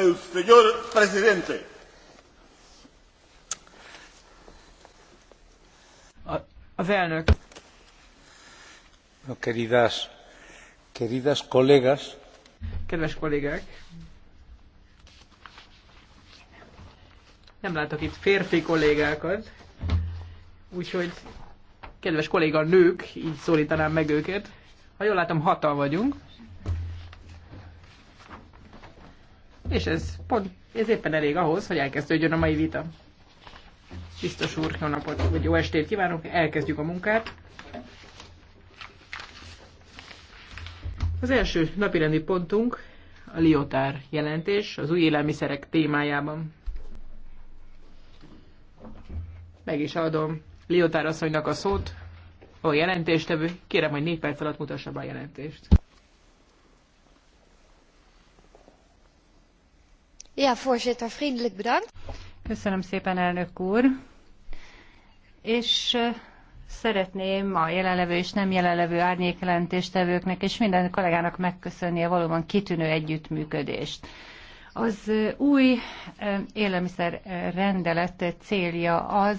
el señor presidente. Az elnök. No, queridas, queridas colegas. Kedves kollégák. Nem látok itt férfi kollégákat, úgyhogy kedves kolléga nők, így szólítanám meg őket. Ha jól látom, hatal vagyunk. és ez, pont, ez éppen elég ahhoz, hogy elkezdődjön a mai vita. Biztos úr, jó napot, vagy jó estét kívánok, elkezdjük a munkát. Az első napirendi pontunk a Liotár jelentés az új élelmiszerek témájában. Meg is adom Liotár asszonynak a szót, a jelentéstevő. Kérem, hogy négy perc alatt mutassa be a jelentést. Ja, voorzitter, vriendelijk bedankt. Köszönöm szépen, elnök úr. És szeretném a jelenlevő és nem jelenlevő árnyékelentéstevőknek és minden kollégának megköszönni a valóban kitűnő együttműködést. Az új élelmiszer rendelet célja az,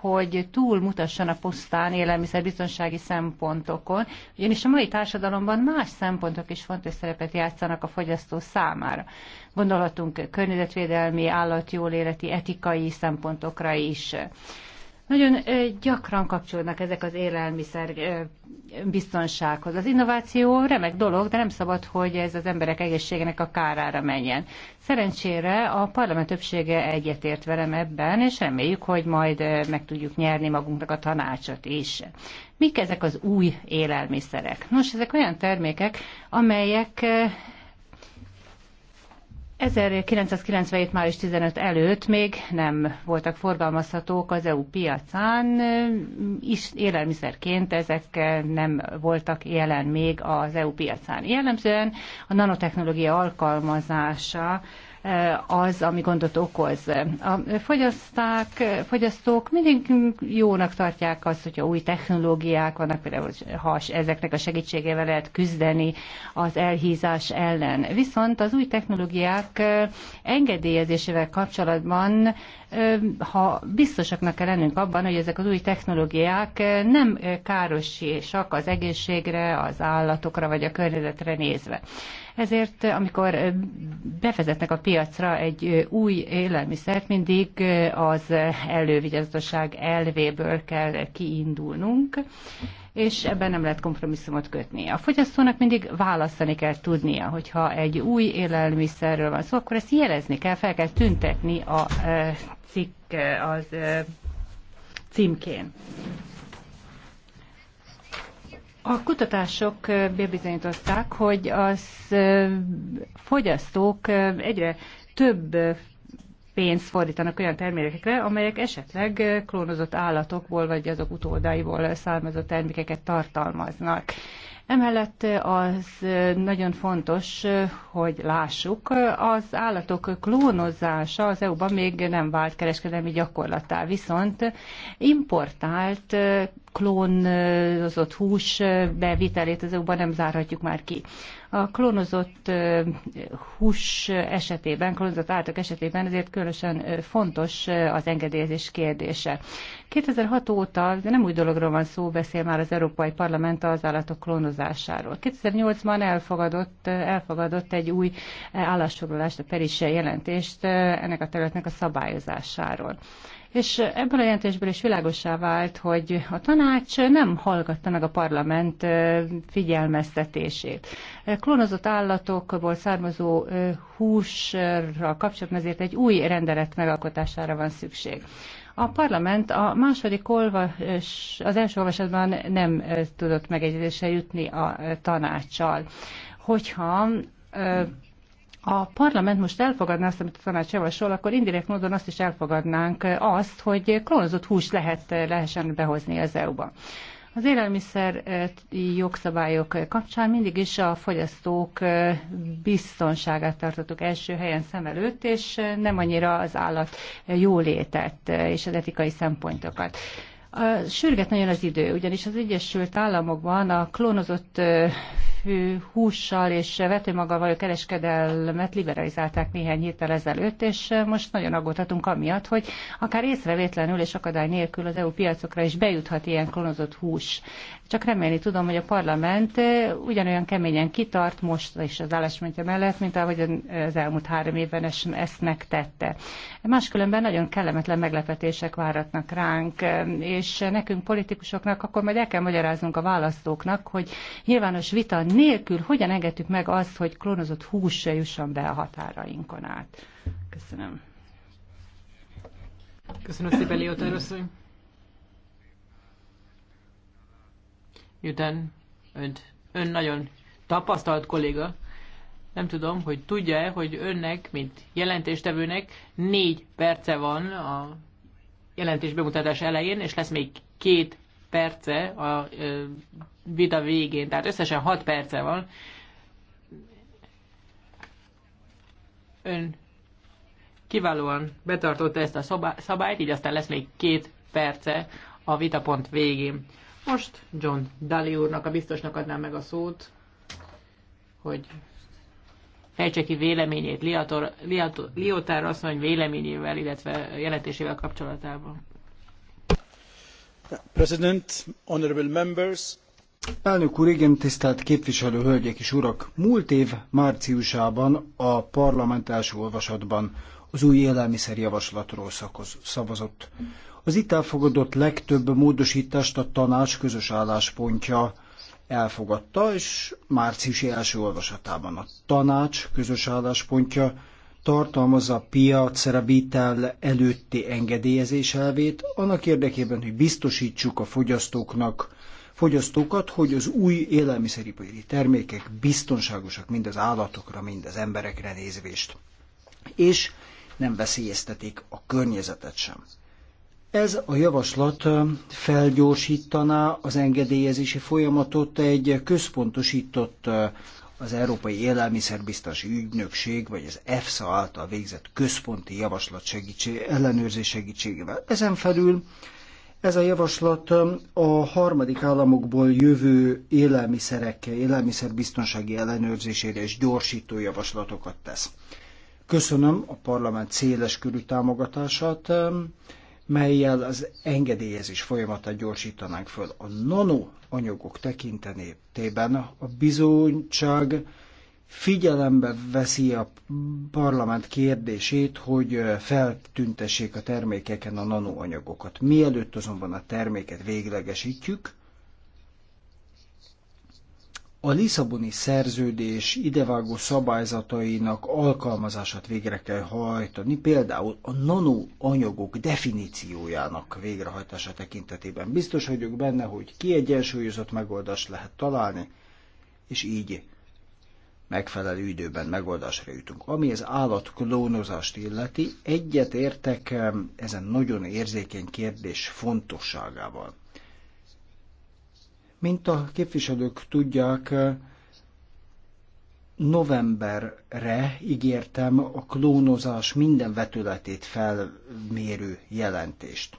hogy a pusztán élelmiszerbiztonsági szempontokon, ugyanis a mai társadalomban más szempontok is fontos szerepet játszanak a fogyasztó számára. Gondolhatunk környezetvédelmi, állatjóléleti, etikai szempontokra is. Nagyon gyakran kapcsolódnak ezek az élelmiszer biztonsághoz. Az innováció remek dolog, de nem szabad, hogy ez az emberek egészségének a kárára menjen. Szerencsére a parlament többsége egyetért velem ebben, és reméljük, hogy majd meg tudjuk nyerni magunknak a tanácsot is. Mik ezek az új élelmiszerek? Nos, ezek olyan termékek, amelyek 1997. május 15 előtt még nem voltak forgalmazhatók az EU piacán, is élelmiszerként ezek nem voltak jelen még az EU piacán. Jellemzően a nanotechnológia alkalmazása Eh, az, ami gondot okoz. A fogyaszták, fogyasztók mindig jónak tartják azt, hogyha új technológiák vannak, például ha ezeknek a segítségével lehet küzdeni az elhízás ellen. Viszont az új technológiák eh, engedélyezésével kapcsolatban ha biztosaknak kell lennünk abban, hogy ezek az új technológiák nem károsak az egészségre, az állatokra vagy a környezetre nézve. Ezért, amikor bevezetnek a piacra egy új élelmiszert, mindig az elővigyázatosság elvéből kell kiindulnunk, és ebben nem lehet kompromisszumot kötni. A fogyasztónak mindig választani kell tudnia, hogyha egy új élelmiszerről van szó, akkor ezt jelezni kell, fel kell tüntetni a e, cikk, e, az e, címkén. A kutatások bebizonyították, hogy az fogyasztók egyre több pénzt fordítanak olyan termékekre, amelyek esetleg eh, klónozott állatokból vagy azok utódaiból származó termékeket tartalmaznak. Emellett eh, az eh, nagyon fontos, hogy lássuk, az állatok klónozása az EU-ban még nem vált kereskedelmi gyakorlattá, viszont importált klónozott hús bevitelét azokban nem zárhatjuk már ki. A klónozott hús esetében, klónozott állatok esetében ezért különösen fontos az engedélyezés kérdése. 2006 óta, de nem új dologról van szó, beszél már az Európai Parlament az állatok klónozásáról. 2008-ban elfogadott, elfogadott egy új állásfoglalást, a Perise jelentést ennek a területnek a szabályozásáról. És ebből a jelentésből is világosá vált, hogy a tanács nem hallgatta meg a parlament figyelmeztetését. Klónozott állatokból származó húsra kapcsolatban ezért egy új rendelet megalkotására van szükség. A parlament a második olvas, az első olvasatban nem tudott megegyezésre jutni a tanácssal. Hogyha a parlament most elfogadná azt, amit a tanács javasol, akkor indirekt módon azt is elfogadnánk azt, hogy klónozott húst lehet, lehessen behozni az EU-ba. Az élelmiszer eh, jogszabályok kapcsán mindig is a fogyasztók eh, biztonságát tartottuk első helyen szem előtt, és eh, nem annyira az állat jólétet és az etikai szempontokat. Sürget nagyon az idő, ugyanis az Egyesült Államokban a klónozott hússal és vetőmaggal való kereskedelmet liberalizálták néhány héttel ezelőtt, és most nagyon aggódhatunk amiatt, hogy akár észrevétlenül és akadály nélkül az EU piacokra is bejuthat ilyen klónozott hús. Csak remélni tudom, hogy a parlament ugyanolyan keményen kitart most is az álláspontja mellett, mint ahogy az elmúlt három évben ezt megtette. Máskülönben nagyon kellemetlen meglepetések váratnak ránk, és és nekünk politikusoknak akkor majd el kell magyaráznunk a választóknak, hogy nyilvános vita nélkül hogyan engedjük meg azt, hogy klónozott hús se jusson be a határainkon át. Köszönöm. Köszönöm szépen, Liotár asszony. Miután önt, ön nagyon tapasztalt kolléga, nem tudom, hogy tudja-e, hogy önnek, mint jelentéstevőnek négy perce van a jelentés bemutatás elején, és lesz még két perce a vita végén, tehát összesen hat perce van. Ön kiválóan betartotta ezt a szabályt, így aztán lesz még két perce a vitapont végén. Most John Daly úrnak, a biztosnak adnám meg a szót, hogy fejtse ki véleményét Liator, Liator, Liotár asszony véleményével, illetve jelentésével kapcsolatában. President, honorable members. Elnök úr, igen, tisztelt képviselő hölgyek és urak! Múlt év márciusában a parlament első olvasatban az új élelmiszerjavaslatról szakoz, szavazott. Az itt elfogadott legtöbb módosítást a tanács közös álláspontja elfogadta, és márciusi első olvasatában a tanács közös álláspontja tartalmazza a piac vitel előtti engedélyezés elvét, annak érdekében, hogy biztosítsuk a fogyasztóknak, fogyasztókat, hogy az új élelmiszeripari termékek biztonságosak mind az állatokra, mind az emberekre nézvést. És nem veszélyeztetik a környezetet sem. Ez a javaslat felgyorsítaná az engedélyezési folyamatot egy központosított az Európai Élelmiszerbiztosi Ügynökség, vagy az EFSA által végzett központi javaslat segítség, ellenőrzés segítségével. Ezen felül ez a javaslat a harmadik államokból jövő élelmiszerek, élelmiszerbiztonsági ellenőrzésére és gyorsító javaslatokat tesz. Köszönöm a parlament széles körű támogatását, melyel az engedélyezés folyamatát gyorsítanánk föl. A nanoanyagok tekintetében a bizonyság figyelembe veszi a parlament kérdését, hogy feltüntessék a termékeken a nanoanyagokat. Mielőtt azonban a terméket véglegesítjük, a Lisszaboni szerződés idevágó szabályzatainak alkalmazását végre kell hajtani, például a nanoanyagok definíciójának végrehajtása tekintetében. Biztos vagyok benne, hogy kiegyensúlyozott megoldást lehet találni, és így megfelelő időben megoldásra jutunk. Ami az állatklónozást illeti, egyet értek ehm, ezen nagyon érzékeny kérdés fontosságával. Mint a képviselők tudják, novemberre ígértem a klónozás minden vetületét felmérő jelentést.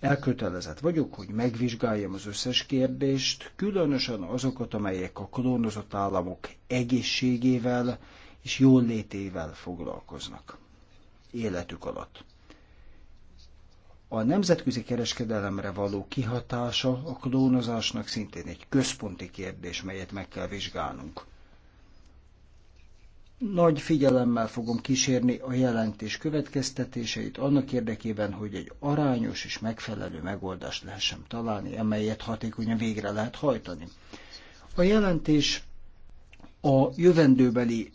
Elkötelezett vagyok, hogy megvizsgáljam az összes kérdést, különösen azokat, amelyek a klónozott államok egészségével és jóllétével foglalkoznak életük alatt. A nemzetközi kereskedelemre való kihatása a klónozásnak szintén egy központi kérdés, melyet meg kell vizsgálnunk. Nagy figyelemmel fogom kísérni a jelentés következtetéseit annak érdekében, hogy egy arányos és megfelelő megoldást lehessen találni, amelyet hatékonyan végre lehet hajtani. A jelentés a jövendőbeli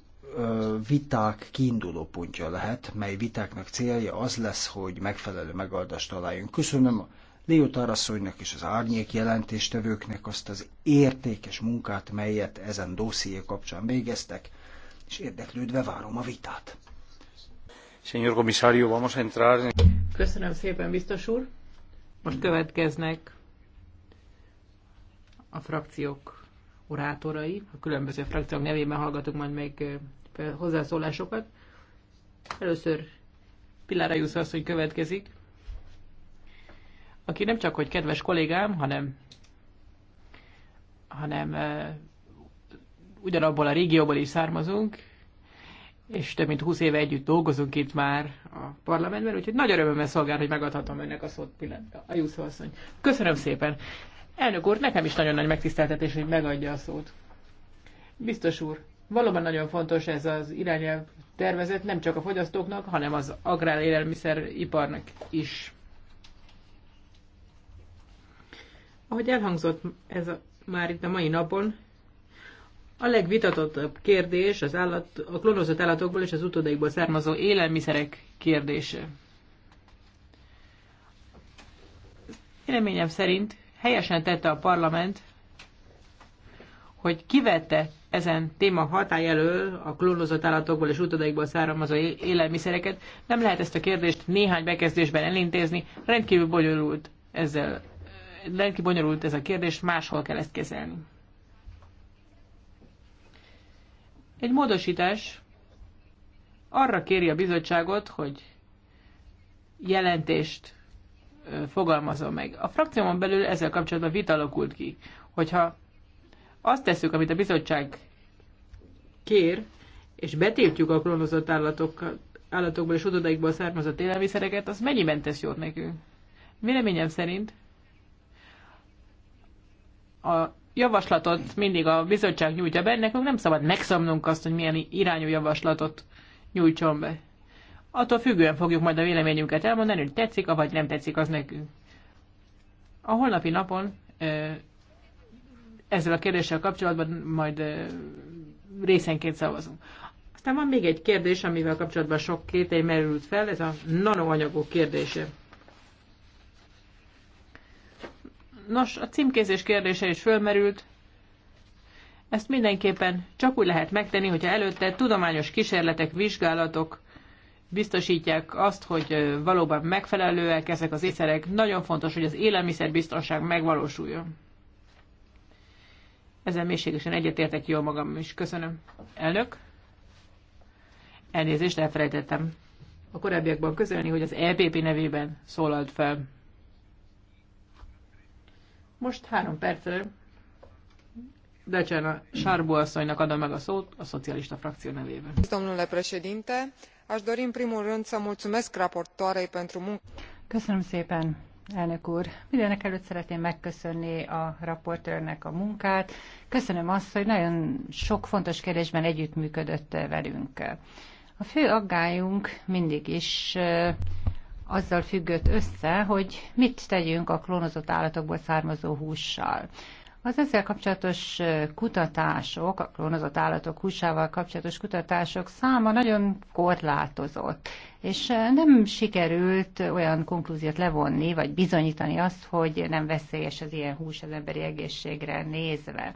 viták kiinduló pontja lehet, mely vitáknak célja az lesz, hogy megfelelő megoldást találjunk. Köszönöm Léo Taraszonynak és az árnyék jelentéstevőknek azt az értékes munkát, melyet ezen dosszié kapcsán végeztek, és érdeklődve várom a vitát. Señor comisario, vamos a entrar... Köszönöm szépen, biztos úr. Most következnek a frakciók orátorai, a különböző frakciók nevében hallgatunk majd még hozzászólásokat. Először Pilára Jusz asszony következik, aki nem csak, hogy kedves kollégám, hanem, hanem ugyanabból a régióból is származunk, és több mint 20 éve együtt dolgozunk itt már a parlamentben, úgyhogy nagy örömmel szolgál, hogy megadhatom önnek a szót pillanatra. A Jusszó asszony. Köszönöm szépen. Elnök úr, nekem is nagyon nagy megtiszteltetés, hogy megadja a szót. Biztos úr, Valóban nagyon fontos ez az irányelv tervezet nem csak a fogyasztóknak, hanem az agrárélelmiszeriparnak is. Ahogy elhangzott ez a, már itt a mai napon, a legvitatottabb kérdés az állat, a klónozott állatokból és az utódaikból származó élelmiszerek kérdése. Véleményem szerint helyesen tette a parlament, hogy kivette ezen téma hatály elől a klónozott állatokból és utodaikból származó élelmiszereket. Nem lehet ezt a kérdést néhány bekezdésben elintézni, rendkívül bonyolult, ezzel, rendkívül bonyolult ez a kérdés, máshol kell ezt kezelni. Egy módosítás arra kéri a bizottságot, hogy jelentést fogalmazom meg. A frakciómon belül ezzel kapcsolatban vita alakult ki, hogyha azt tesszük, amit a bizottság kér, és betiltjuk a klónozott állatok, állatokból és udodaikból származott élelmiszereket, az mennyiben tesz jót nekünk? Véleményem szerint a javaslatot mindig a bizottság nyújtja be, nekünk nem szabad megszabnunk azt, hogy milyen irányú javaslatot nyújtson be. Attól függően fogjuk majd a véleményünket elmondani, hogy tetszik, vagy nem tetszik az nekünk. A holnapi napon ezzel a kérdéssel kapcsolatban majd részenként szavazunk. Aztán van még egy kérdés, amivel kapcsolatban sok kételj merült fel, ez a nanoanyagok kérdése. Nos, a címkézés kérdése is fölmerült. Ezt mindenképpen csak úgy lehet megtenni, hogyha előtte tudományos kísérletek, vizsgálatok biztosítják azt, hogy valóban megfelelőek ezek az észerek. Nagyon fontos, hogy az élelmiszerbiztonság megvalósuljon. Ezzel mélységesen egyetértek jól magam is. Köszönöm. Elnök? Elnézést, elfelejtettem a korábbiakban közölni, hogy az EPP nevében szólalt fel. Most három percre Decsen Sárbu asszonynak adom meg a szót a szocialista frakció nevében. Domnule președinte, aș dori în primul rând să mulțumesc raportoarei pentru muncă. Köszönöm szépen, elnök úr! Mindenek előtt szeretném megköszönni a raportőrnek a munkát. Köszönöm azt, hogy nagyon sok fontos kérdésben együttműködött velünk. A fő aggályunk mindig is azzal függött össze, hogy mit tegyünk a klónozott állatokból származó hússal. Az ezzel kapcsolatos kutatások, a klónozott állatok húsával kapcsolatos kutatások száma nagyon korlátozott, és nem sikerült olyan konklúziót levonni, vagy bizonyítani azt, hogy nem veszélyes az ilyen hús az emberi egészségre nézve.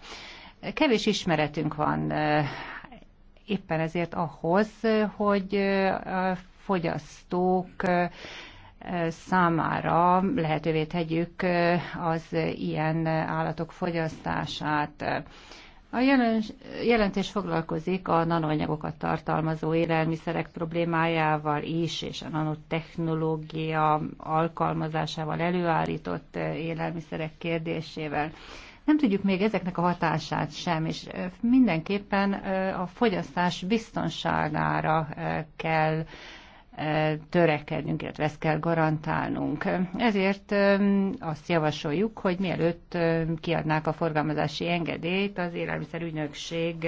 Kevés ismeretünk van éppen ezért ahhoz, hogy a fogyasztók számára lehetővé tegyük az ilyen állatok fogyasztását. A jelentés foglalkozik a nanoanyagokat tartalmazó élelmiszerek problémájával is, és a nanotechnológia alkalmazásával előállított eh, élelmiszerek kérdésével. Nem tudjuk még ezeknek a hatását sem, és eh, mindenképpen eh, a fogyasztás biztonságára kell törekednünk, illetve ezt kell garantálnunk. Ezért azt javasoljuk, hogy mielőtt kiadnák a forgalmazási engedélyt, az élelmiszerügynökség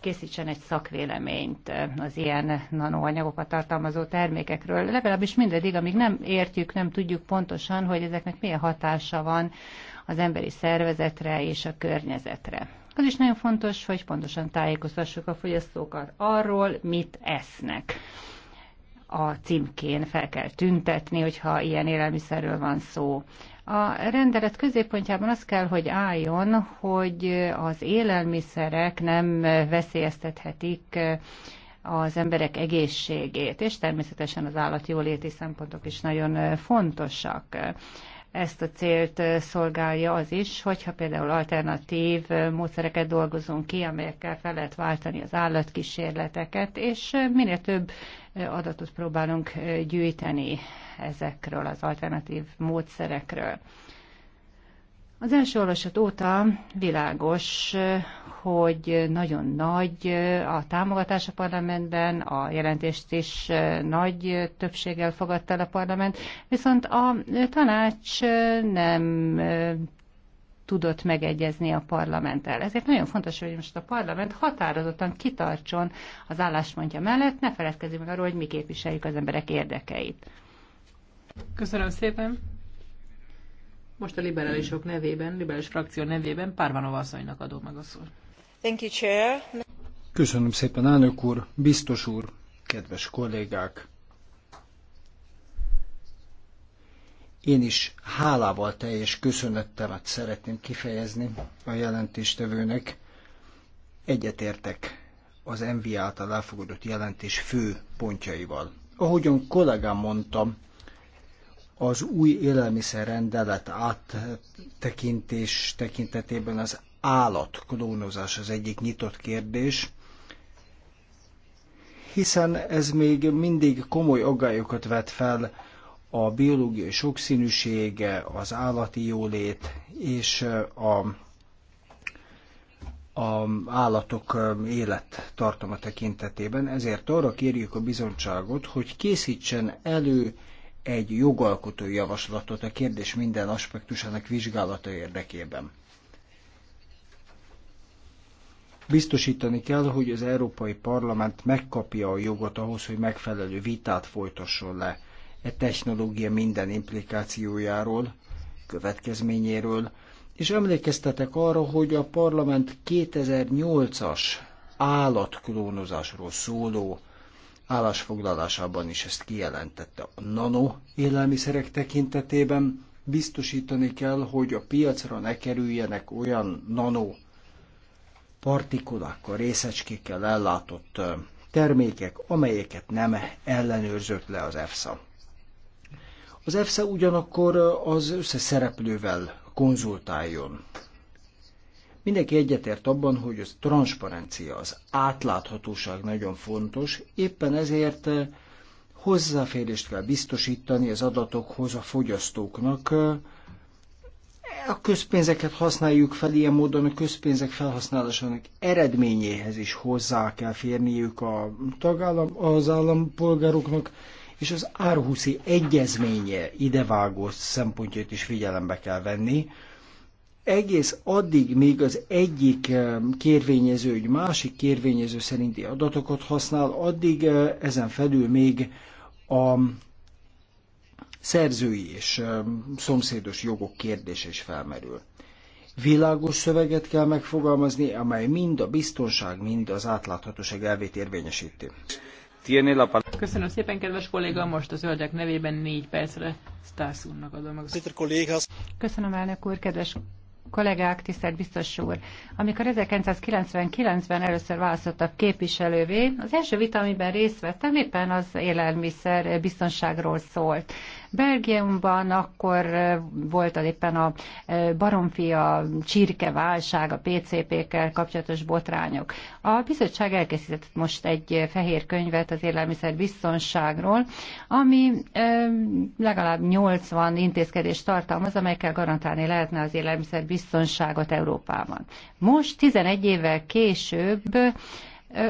készítsen egy szakvéleményt az ilyen nanoanyagokat tartalmazó termékekről. Legalábbis mindedig, amíg nem értjük, nem tudjuk pontosan, hogy ezeknek milyen hatása van az emberi szervezetre és a környezetre. Az is nagyon fontos, hogy pontosan tájékoztassuk a fogyasztókat arról, mit esznek a címkén fel kell tüntetni, hogyha ilyen élelmiszerről van szó. A rendelet középpontjában az kell, hogy álljon, hogy az élelmiszerek nem veszélyeztethetik eh, az emberek egészségét, és természetesen az állatjóléti szempontok is nagyon eh, fontosak ezt a célt szolgálja az is, hogyha például alternatív módszereket dolgozunk ki, amelyekkel fel lehet váltani az állatkísérleteket, és minél több adatot próbálunk gyűjteni ezekről az alternatív módszerekről. Az első olvasat óta világos, hogy nagyon nagy a támogatás a parlamentben, a jelentést is nagy többséggel fogadta el a parlament, viszont a tanács nem tudott megegyezni a parlamenttel. Ezért nagyon fontos, hogy most a parlament határozottan kitartson az álláspontja mellett, ne feledkezzünk meg arról, hogy mi képviseljük az emberek érdekeit. Köszönöm szépen! Most a liberálisok nevében, liberális frakció nevében Párvanova asszonynak adom meg a szót. Thank you, Chair. Köszönöm szépen, elnök úr, biztos úr, kedves kollégák! Én is hálával teljes köszönettelet szeretném kifejezni a jelentéstevőnek. Egyetértek az MV által elfogadott jelentés fő pontjaival. Ahogyan kollégám mondtam, az új élelmiszerrendelet áttekintés tekintetében az állatklónozás az egyik nyitott kérdés, hiszen ez még mindig komoly aggályokat vet fel a biológiai sokszínűség, az állati jólét és a a állatok élettartama tekintetében, ezért arra kérjük a bizottságot, hogy készítsen elő egy jogalkotói javaslatot a kérdés minden aspektusának vizsgálata érdekében. Biztosítani kell, hogy az Európai Parlament megkapja a jogot ahhoz, hogy megfelelő vitát folytasson le e technológia minden implikációjáról, következményéről, és emlékeztetek arra, hogy a parlament 2008-as állatklónozásról szóló állásfoglalásában is ezt kijelentette. A nano élelmiszerek tekintetében biztosítani kell, hogy a piacra ne kerüljenek olyan nano partikulákkal, részecskékkel ellátott termékek, amelyeket nem ellenőrzött le az EFSA. Az EFSA ugyanakkor az összes szereplővel konzultáljon Mindenki egyetért abban, hogy az transzparencia, az átláthatóság nagyon fontos, éppen ezért eh, hozzáférést kell biztosítani az adatokhoz a fogyasztóknak. Eh, a közpénzeket használjuk fel, ilyen módon a közpénzek felhasználásának eredményéhez is hozzá kell férniük a tagállam, az állampolgároknak, és az Árhuszi egyezménye idevágó szempontjait is figyelembe kell venni, egész addig, még az egyik eh, kérvényező, egy másik kérvényező szerinti adatokat használ, addig eh, ezen felül még a szerzői és eh, szomszédos jogok kérdése is felmerül. Világos szöveget kell megfogalmazni, amely mind a biztonság, mind az átláthatóság elvét érvényesíti. Köszönöm szépen, kedves kolléga, most a zöldek nevében négy percre Stász úrnak adom meg. Köszönöm, elnök úr, kedves kollégák, tisztelt biztos úr! Amikor 1999-ben először választottak képviselővé, az első vita, amiben részt vettem, éppen az élelmiszer biztonságról szólt. Belgiumban akkor volt az éppen a baromfia csirke válság, a PCP-kkel kapcsolatos botrányok. A bizottság elkészített most egy fehér könyvet az élelmiszer biztonságról, ami legalább 80 intézkedést tartalmaz, amelyekkel garantálni lehetne az élelmiszer biztonságot Európában. Most 11 évvel később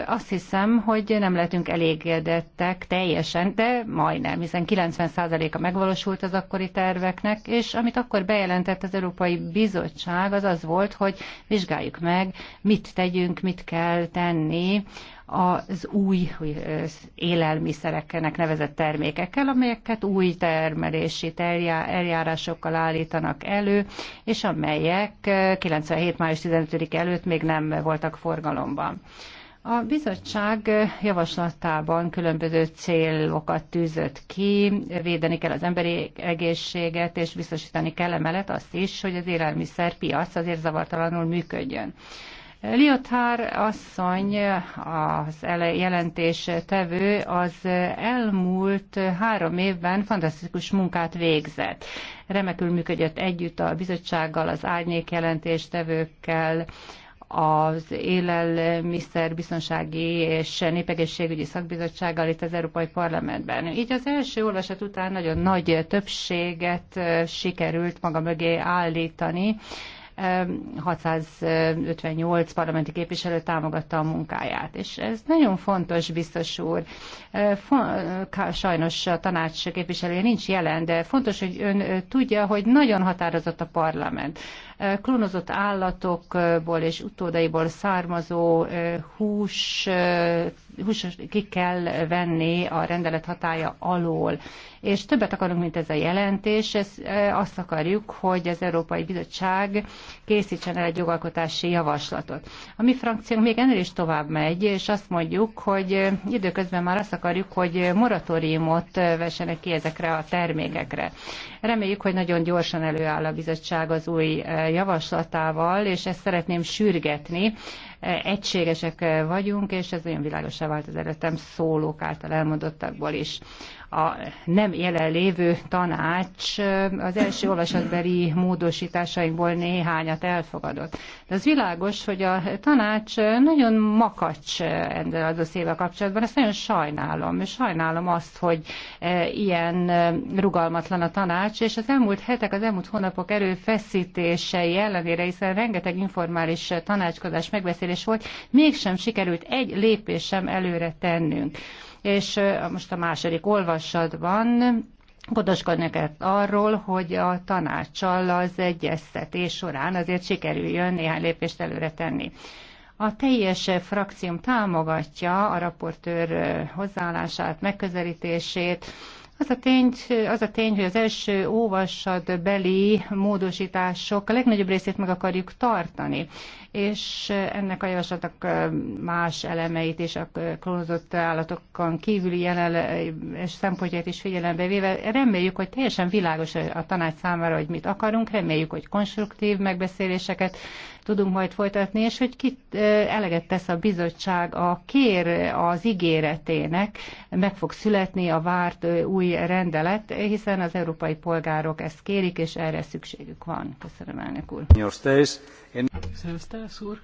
azt hiszem, hogy nem lehetünk elégedettek teljesen, de majdnem, hiszen 90%-a megvalósult az akkori terveknek, és amit akkor bejelentett az Európai Bizottság, az az volt, hogy vizsgáljuk meg, mit tegyünk, mit kell tenni az új élelmiszereknek nevezett termékekkel, amelyeket új termelési eljárásokkal állítanak elő, és amelyek 97. május 15 előtt még nem voltak forgalomban. A bizottság javaslatában különböző célokat tűzött ki, védeni kell az emberi egészséget, és biztosítani kell emellett azt is, hogy az piac azért zavartalanul működjön. Liotár asszony, az jelentés tevő, az elmúlt három évben fantasztikus munkát végzett. Remekül működött együtt a bizottsággal, az árnyék jelentéstevőkkel, az élelmiszer biztonsági és népegészségügyi szakbizottsággal itt az Európai Parlamentben. Így az első olvasat után nagyon nagy többséget sikerült maga mögé állítani. 658 parlamenti képviselő támogatta a munkáját. És ez nagyon fontos, biztos úr. Sajnos a tanács képviselője nincs jelen, de fontos, hogy ön tudja, hogy nagyon határozott a parlament klónozott állatokból és utódaiból származó hús, hús ki kell venni a rendelet hatája alól. És többet akarunk, mint ez a jelentés, ez, azt akarjuk, hogy az Európai Bizottság készítsen el egy jogalkotási javaslatot. A mi frakciónk még ennél is tovább megy, és azt mondjuk, hogy időközben már azt akarjuk, hogy moratóriumot vessenek ki ezekre a termékekre. Reméljük, hogy nagyon gyorsan előáll a bizottság az új javaslatával, és ezt szeretném sürgetni. Egységesek vagyunk, és ez olyan világosá vált az előttem szólók által elmondottakból is a nem jelenlévő tanács az első olvasatbeli módosításainkból néhányat elfogadott. De az világos, hogy a tanács nagyon makacs ezzel az összével kapcsolatban, ezt nagyon sajnálom. Sajnálom azt, hogy e, ilyen rugalmatlan a tanács, és az elmúlt hetek, az elmúlt hónapok erőfeszítései ellenére, hiszen rengeteg informális tanácskozás megbeszélés volt, mégsem sikerült egy lépés sem előre tennünk és most a második olvasatban gondoskodni kell arról, hogy a tanácssal az egyeztetés során azért sikerüljön néhány lépést előre tenni. A teljes frakcióm támogatja a raportőr hozzáállását, megközelítését, az a, tény, az a tény, hogy az első olvasatbeli módosítások a legnagyobb részét meg akarjuk tartani, és ennek a javaslatok más elemeit és a klónozott állatokon kívüli jelen és szempontjait is figyelembe véve reméljük, hogy teljesen világos a tanács számára, hogy mit akarunk, reméljük, hogy konstruktív megbeszéléseket tudunk majd folytatni, és hogy kit eleget tesz a bizottság a kér az ígéretének, meg fog születni a várt új rendelet, hiszen az európai polgárok ezt kérik, és erre szükségük van. Köszönöm, elnök úr. Köszönöm, úr.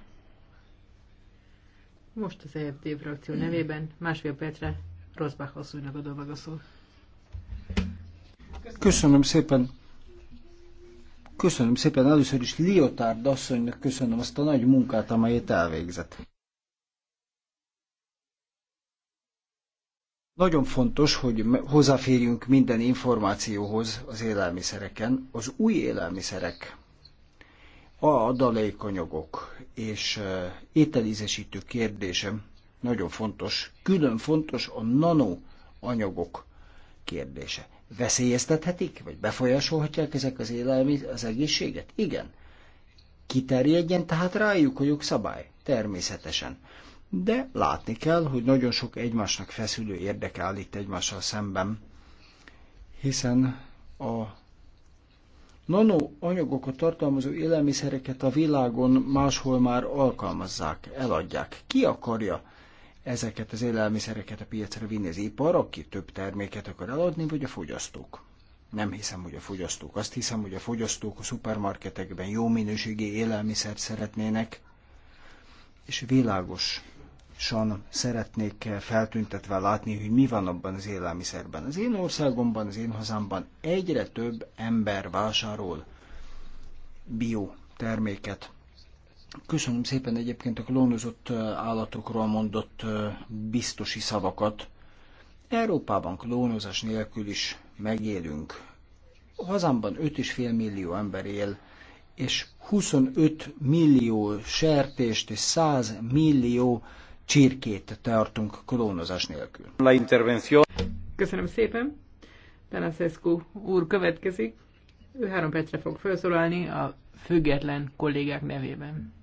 Most az EFD frakció nevében másfél percre Rosbach asszonynak adom a szót. Köszönöm szépen. Köszönöm szépen először is Liotárd asszonynak köszönöm azt a nagy munkát, amelyet elvégzett. Nagyon fontos, hogy hozzáférjünk minden információhoz az élelmiszereken. Az új élelmiszerek, a adalékanyagok és e, ételízesítő kérdése nagyon fontos. Külön fontos a nanoanyagok kérdése veszélyeztethetik, vagy befolyásolhatják ezek az élelmi, az egészséget? Igen. Kiterjedjen tehát rájuk a jogszabály? Természetesen. De látni kell, hogy nagyon sok egymásnak feszülő érdeke áll itt egymással szemben, hiszen a anyagokat tartalmazó élelmiszereket a világon máshol már alkalmazzák, eladják. Ki akarja ezeket az élelmiszereket a piacra vinni az ipar, aki több terméket akar eladni, vagy a fogyasztók? Nem hiszem, hogy a fogyasztók. Azt hiszem, hogy a fogyasztók a szupermarketekben jó minőségi élelmiszert szeretnének, és világosan szeretnék feltüntetve látni, hogy mi van abban az élelmiszerben. Az én országomban, az én hazámban egyre több ember vásárol bio terméket, Köszönöm szépen egyébként a klónozott állatokról mondott biztosi szavakat. Európában klónozás nélkül is megélünk. A hazámban 5,5 millió ember él, és 25 millió sertést és 100 millió csirkét tartunk klónozás nélkül. La intervención. Köszönöm szépen. Tanaszescu úr következik. Ő három percre fog felszólalni a független kollégák nevében.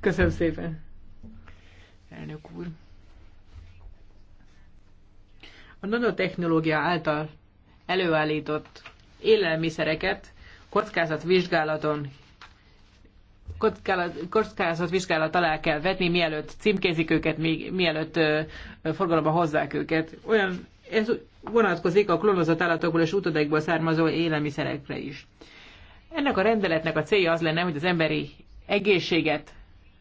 Köszönöm szépen. Elnök úr. A nanotechnológia által előállított élelmiszereket kockázatvizsgálaton kockázatvizsgálat alá kell vetni, mielőtt címkézik őket, mielőtt forgalomba hozzák őket. Olyan, ez vonatkozik a klónozott állatokból és utodaikból származó élelmiszerekre is. Ennek a rendeletnek a célja az lenne, hogy az emberi egészséget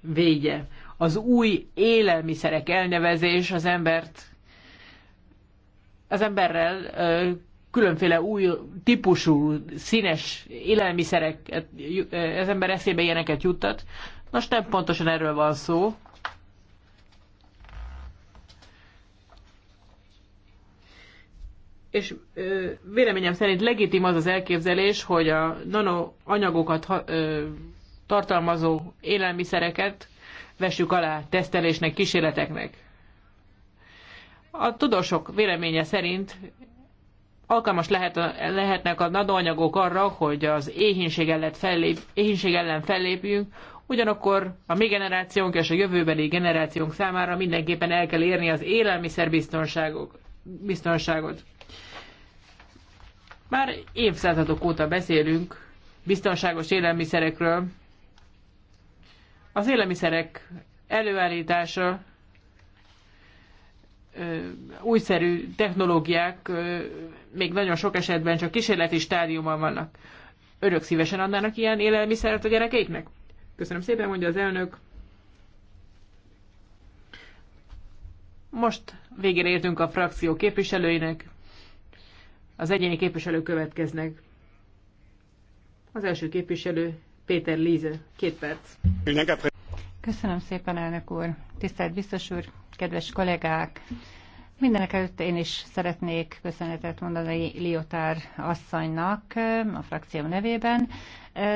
védje. Az új élelmiszerek elnevezés az embert, az emberrel különféle új típusú, színes élelmiszerek, az ember eszébe ilyeneket juttat. Most nem pontosan erről van szó, és véleményem szerint legitim az az elképzelés, hogy a nanoanyagokat tartalmazó élelmiszereket vessük alá tesztelésnek, kísérleteknek. A tudósok véleménye szerint alkalmas lehet, lehetnek a nanoanyagok arra, hogy az éhínség ellen, fellép, éhínség ellen fellépjünk, ugyanakkor a mi generációnk és a jövőbeli generációnk számára mindenképpen el kell érni az élelmiszerbiztonságot. biztonságot. Már évszázadok óta beszélünk biztonságos élelmiszerekről. Az élelmiszerek előállítása újszerű technológiák még nagyon sok esetben csak kísérleti stádiumban vannak. Örök szívesen adnának ilyen élelmiszeret a gyerekeiknek? Köszönöm szépen, mondja az elnök. Most végére értünk a frakció képviselőinek. Az egyéni képviselők következnek. Az első képviselő Péter Líze, két perc. Köszönöm szépen, elnök úr. Tisztelt biztos úr, kedves kollégák! Mindenek előtt én is szeretnék köszönetet mondani Liotár asszonynak a frakció nevében.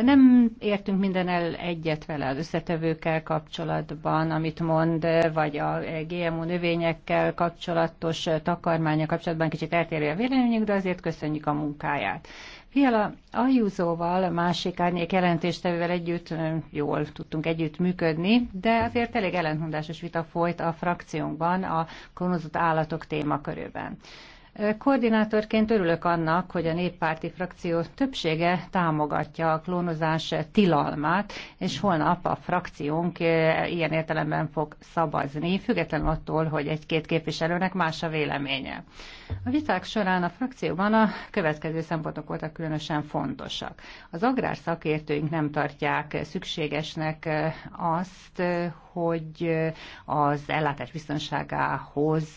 Nem értünk minden el egyet vele az összetevőkkel kapcsolatban, amit mond, vagy a GMO növényekkel kapcsolatos takarmánya kapcsolatban kicsit eltérő a véleményünk, de azért köszönjük a munkáját. Fiala Ajúzóval, másik árnyék jelentéstevővel együtt jól tudtunk együtt működni, de azért elég ellentmondásos vita folyt a frakciónkban a klónozott állatok témakörében. Koordinátorként örülök annak, hogy a néppárti frakció többsége támogatja a klónozás tilalmát, és holnap a frakciónk eh, ilyen értelemben fog szavazni, függetlenül attól, hogy egy-két képviselőnek más a véleménye. A viták során a frakcióban a következő szempontok voltak különösen fontosak. Az agrárszakértőink nem tartják szükségesnek eh, azt, eh, hogy az ellátás biztonságához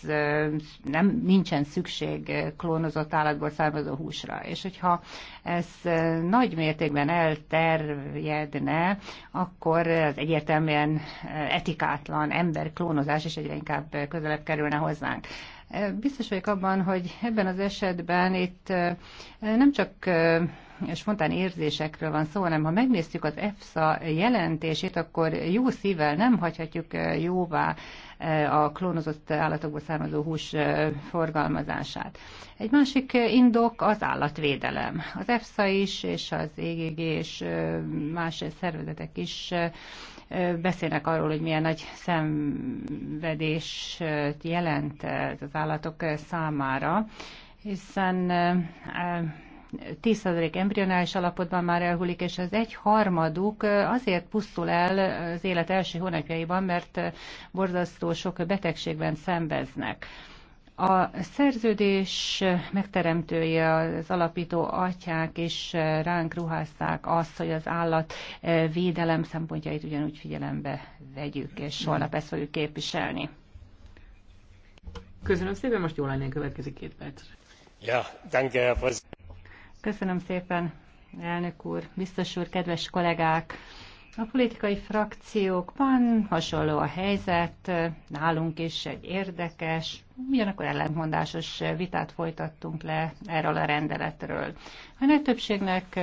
nem, nincsen szükség klónozott állatból származó húsra. És hogyha ez nagy mértékben elterjedne, akkor az egyértelműen etikátlan ember klónozás is egyre inkább közelebb kerülne hozzánk. Biztos vagyok abban, hogy ebben az esetben itt nem csak spontán érzésekről van szó, hanem ha megnéztük az EFSA jelentését, akkor jó szívvel nem hagyhatjuk jóvá a klónozott állatokból származó hús forgalmazását. Egy másik indok az állatvédelem. Az EFSA is, és az EGG és más szervezetek is beszélnek arról, hogy milyen nagy szenvedést jelent az állatok számára, hiszen 10% embrionális alapotban már elhulik, és az egy harmaduk azért pusztul el az élet első hónapjaiban, mert borzasztó sok betegségben szenveznek. A szerződés megteremtője, az alapító atyák is ránk ruházták azt, hogy az állat védelem szempontjait ugyanúgy figyelembe vegyük, és holnap ezt fogjuk képviselni. Köszönöm szépen, most jól lennél következő két perc. Ja, danke, Köszönöm szépen, elnök úr, biztos úr, kedves kollégák! A politikai frakciókban hasonló a helyzet, nálunk is egy érdekes, ugyanakkor ellentmondásos vitát folytattunk le erről a rendeletről. A nagy többségnek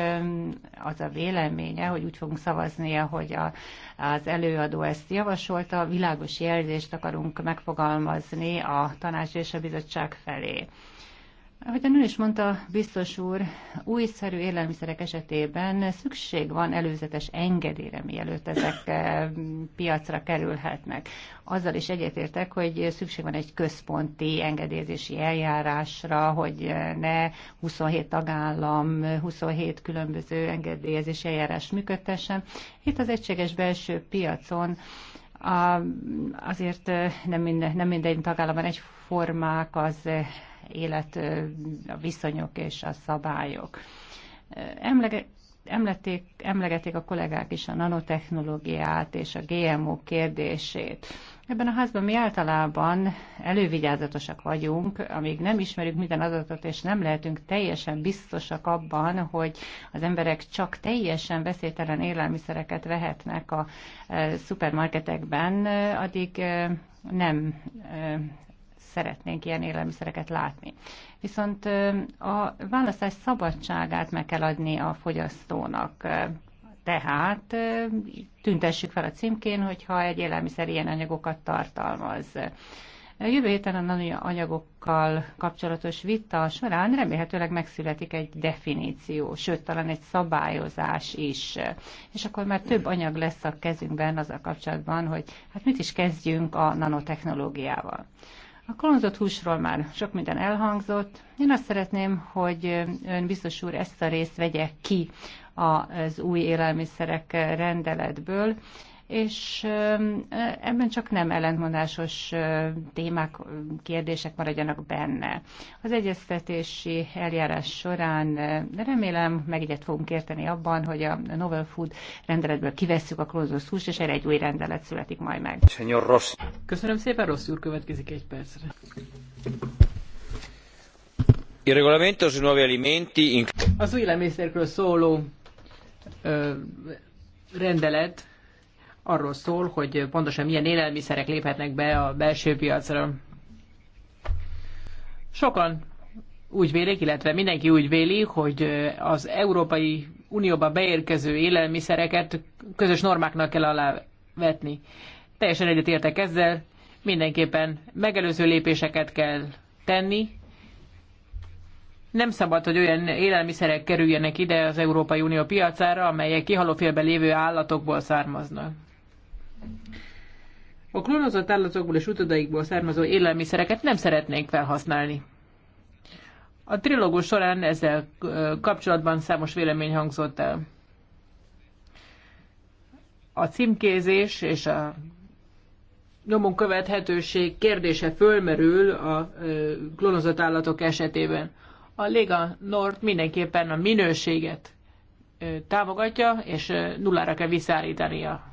az a véleménye, hogy úgy fogunk szavazni, hogy a, az előadó ezt javasolta, világos jelzést akarunk megfogalmazni a tanács és a bizottság felé. Ahogy ön is mondta, biztos úr, újszerű élelmiszerek esetében szükség van előzetes engedélyre, mielőtt ezek eh, piacra kerülhetnek. Azzal is egyetértek, hogy szükség van egy központi engedélyezési eljárásra, hogy eh, ne 27 tagállam, 27 különböző engedélyezési eljárás működtessen. Itt az egységes belső piacon a, azért eh, nem minden, nem minden tagállamban egyformák az élet, a viszonyok és a szabályok. Emlege, emleték, emlegetik a kollégák is a nanotechnológiát és a GMO kérdését. Ebben a házban mi általában elővigyázatosak vagyunk, amíg nem ismerjük minden adatot, és nem lehetünk teljesen biztosak abban, hogy az emberek csak teljesen veszélytelen élelmiszereket vehetnek a szupermarketekben, addig nem szeretnénk ilyen élelmiszereket látni. Viszont a választás szabadságát meg kell adni a fogyasztónak. Tehát tüntessük fel a címkén, hogyha egy élelmiszer ilyen anyagokat tartalmaz. Jövő héten a nanoanyagokkal kapcsolatos vita során remélhetőleg megszületik egy definíció, sőt, talán egy szabályozás is. És akkor már több anyag lesz a kezünkben az a kapcsolatban, hogy hát mit is kezdjünk a nanotechnológiával. A klónozott húsról már sok minden elhangzott. Én azt szeretném, hogy ön biztos úr ezt a részt vegye ki az új élelmiszerek rendeletből, és ebben csak nem ellentmondásos témák, kérdések maradjanak benne. Az egyeztetési eljárás során remélem megegyet fogunk érteni abban, hogy a Novel Food rendeletből kivesszük a klózós húst, és erre egy új rendelet születik majd meg. Köszönöm szépen, Rossz úr, következik egy percre. Il regolamento sui nuovi alimenti... Az új lemészerkről szóló ö, rendelet arról szól, hogy pontosan milyen élelmiszerek léphetnek be a belső piacra. Sokan úgy vélik, illetve mindenki úgy véli, hogy az Európai Unióba beérkező élelmiszereket közös normáknak kell alávetni. Teljesen egyet értek ezzel, mindenképpen megelőző lépéseket kell tenni. Nem szabad, hogy olyan élelmiszerek kerüljenek ide az Európai Unió piacára, amelyek kihalófélben lévő állatokból származnak. A klónozott állatokból és utodaikból származó élelmiszereket nem szeretnénk felhasználni. A trilógus során ezzel kapcsolatban számos vélemény hangzott el. A címkézés és a nyomon követhetőség kérdése fölmerül a klónozott állatok esetében. A Lega Nord mindenképpen a minőséget támogatja, és nullára kell visszaállítania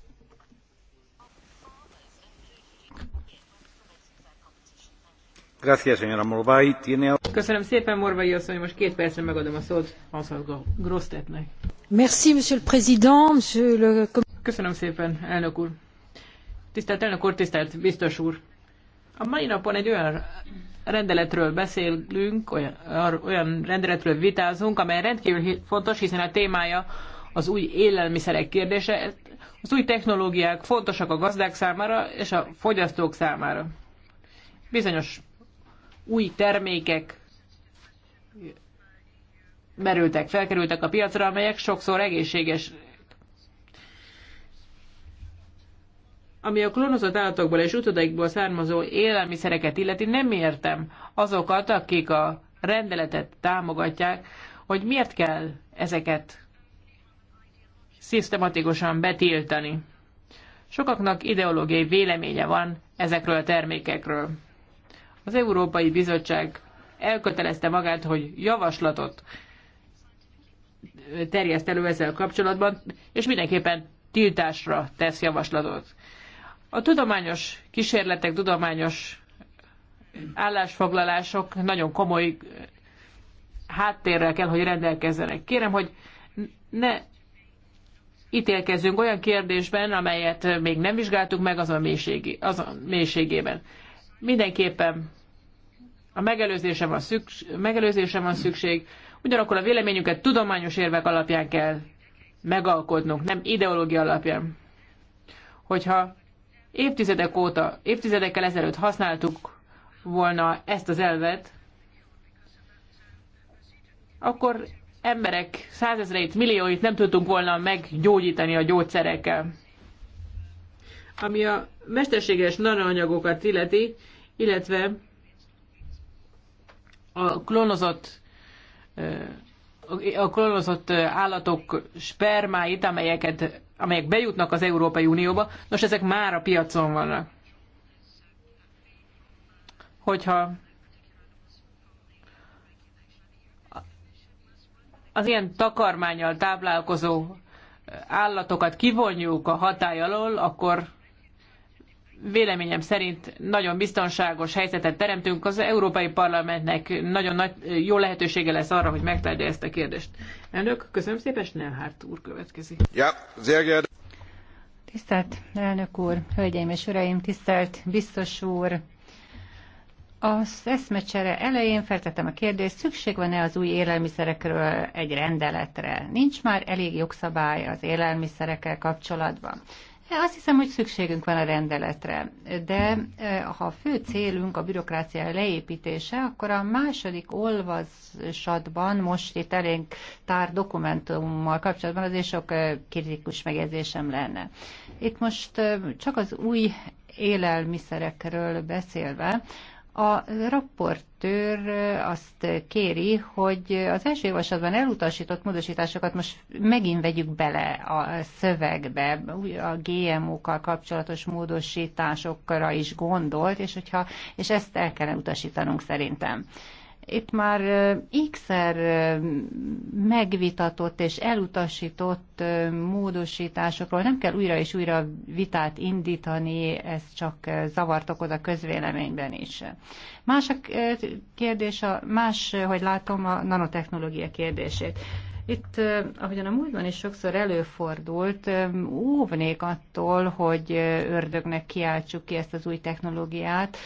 Köszönöm szépen, Morvai asszony, most két percre megadom a szót Hansel Grosztetnek. Merci, monsieur le président, monsieur le... Köszönöm szépen, elnök úr. Tisztelt elnök úr, tisztelt biztos úr. A mai napon egy olyan rendeletről beszélünk, olyan, olyan rendeletről vitázunk, amely rendkívül fontos, hiszen a témája az új élelmiszerek kérdése. Az új technológiák fontosak a gazdák számára és a fogyasztók számára. Bizonyos új termékek merültek, felkerültek a piacra, amelyek sokszor egészséges. Ami a klónozott állatokból és utodaikból származó élelmiszereket illeti, nem értem azokat, akik a rendeletet támogatják, hogy miért kell ezeket szisztematikusan betiltani. Sokaknak ideológiai véleménye van ezekről a termékekről. Az Európai Bizottság elkötelezte magát, hogy javaslatot terjeszt elő ezzel kapcsolatban, és mindenképpen tiltásra tesz javaslatot. A tudományos kísérletek, tudományos állásfoglalások nagyon komoly háttérrel kell, hogy rendelkezzenek. Kérem, hogy ne ítélkezzünk olyan kérdésben, amelyet még nem vizsgáltuk meg azon, mélységi, azon mélységében. Mindenképpen a megelőzésre van, szükség, megelőzésre van szükség, ugyanakkor a véleményünket tudományos érvek alapján kell megalkotnunk, nem ideológia alapján. Hogyha évtizedek óta, évtizedekkel ezelőtt használtuk volna ezt az elvet, akkor emberek százezreit, millióit nem tudtunk volna meggyógyítani a gyógyszerekkel. Ami a mesterséges nanoanyagokat illeti, illetve a klónozott eh, a klónozott eh, állatok spermáit, amelyeket, amelyek bejutnak az Európai Unióba, nos, ezek már a piacon vannak. Hogyha az ilyen takarmányal táplálkozó eh, állatokat kivonjuk a hatály alól, akkor véleményem szerint nagyon biztonságos helyzetet teremtünk. Az Európai Parlamentnek nagyon nagy, jó lehetősége lesz arra, hogy megtárgya ezt a kérdést. Elnök, köszönöm szépen, Snellhárt úr következik. Ja, sehr Tisztelt elnök úr, hölgyeim és uraim, tisztelt biztos úr, az eszmecsere elején feltettem a kérdést, szükség van-e az új élelmiszerekről egy rendeletre? Nincs már elég jogszabály az élelmiszerekkel kapcsolatban. Azt hiszem, hogy szükségünk van a rendeletre, de e, ha a fő célunk a bürokrácia leépítése, akkor a második olvasatban most itt elénk tár dokumentummal kapcsolatban azért sok e, kritikus megjegyzésem lenne. Itt most e, csak az új élelmiszerekről beszélve, a raportőr azt kéri, hogy az első javaslatban elutasított módosításokat most megint vegyük bele a szövegbe, a GMO-kkal kapcsolatos módosításokra is gondolt, és, hogyha, és ezt el kellene utasítanunk szerintem itt már x-szer megvitatott és elutasított módosításokról nem kell újra és újra vitát indítani, ez csak zavart okoz a közvéleményben is. Más a kérdés, a, más, hogy látom, a nanotechnológia kérdését. Itt, ahogyan a múltban is sokszor előfordult, óvnék attól, hogy ördögnek kiáltsuk ki ezt az új technológiát,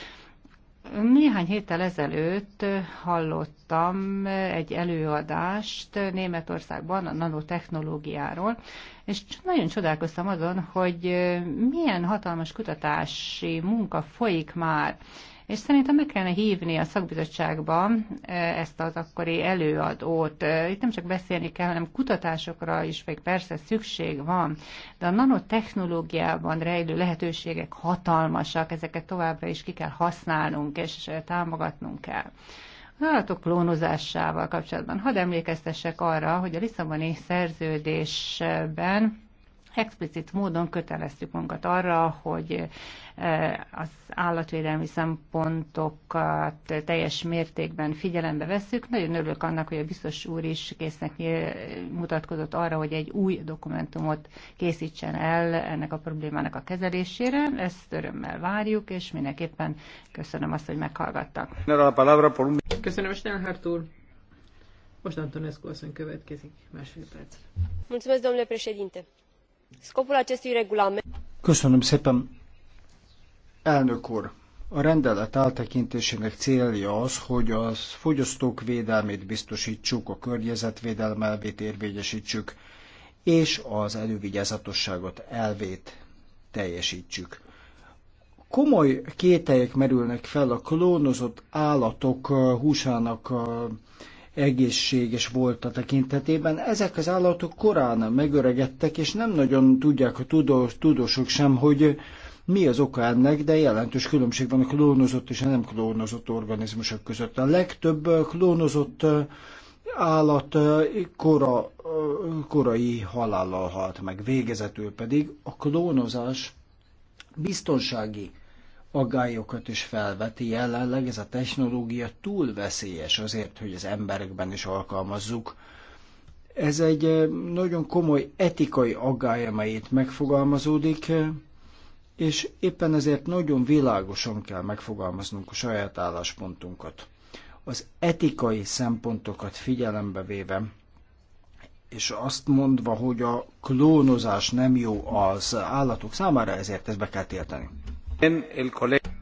néhány héttel ezelőtt hallottam egy előadást Németországban a nanotechnológiáról, és nagyon csodálkoztam azon, hogy milyen hatalmas kutatási munka folyik már, és szerintem meg kellene hívni a szakbizottságba e, ezt az akkori előadót. E, itt nem csak beszélni kell, hanem kutatásokra is vagy persze szükség van, de a nanotechnológiában rejlő lehetőségek hatalmasak, ezeket továbbra is ki kell használnunk és e, támogatnunk kell. Az állatok klónozásával kapcsolatban hadd emlékeztessek arra, hogy a Lisszaboni szerződésben explicit módon köteleztük magunkat arra, hogy e, az állatvédelmi szempontokat teljes mértékben figyelembe vesszük. Nagyon örülök annak, hogy a biztos úr is késznek e, mutatkozott arra, hogy egy új dokumentumot készítsen el ennek a problémának a kezelésére. Ezt örömmel várjuk, és mindenképpen köszönöm azt, hogy meghallgattak. Köszönöm, Stenhardt úr. Most Antonescu asszony következik másfél percre. Mulțumesc, domnule președinte. Scopul acestui regulament... Köszönöm szépen, elnök úr! A rendelet áttekintésének célja az, hogy a fogyasztók védelmét biztosítsuk, a környezetvédelem elvét érvényesítsük, és az elővigyázatosságot elvét teljesítsük. Komoly kételyek merülnek fel a klónozott állatok uh, húsának uh, egészséges volt a tekintetében. Ezek az állatok korán megöregedtek, és nem nagyon tudják a tudós, tudósok sem, hogy mi az oka ennek, de jelentős különbség van a klónozott és a nem klónozott organizmusok között. A legtöbb klónozott állat kora, korai halállal halt meg, végezetül pedig a klónozás biztonsági aggályokat is felveti. Jelenleg ez a technológia túl veszélyes azért, hogy az emberekben is alkalmazzuk. Ez egy eh, nagyon komoly etikai aggály, amelyet megfogalmazódik, eh, és éppen ezért nagyon világosan kell megfogalmaznunk a saját álláspontunkat. Az etikai szempontokat figyelembe véve, és azt mondva, hogy a klónozás nem jó az állatok számára, ezért ezt be kell tiltani.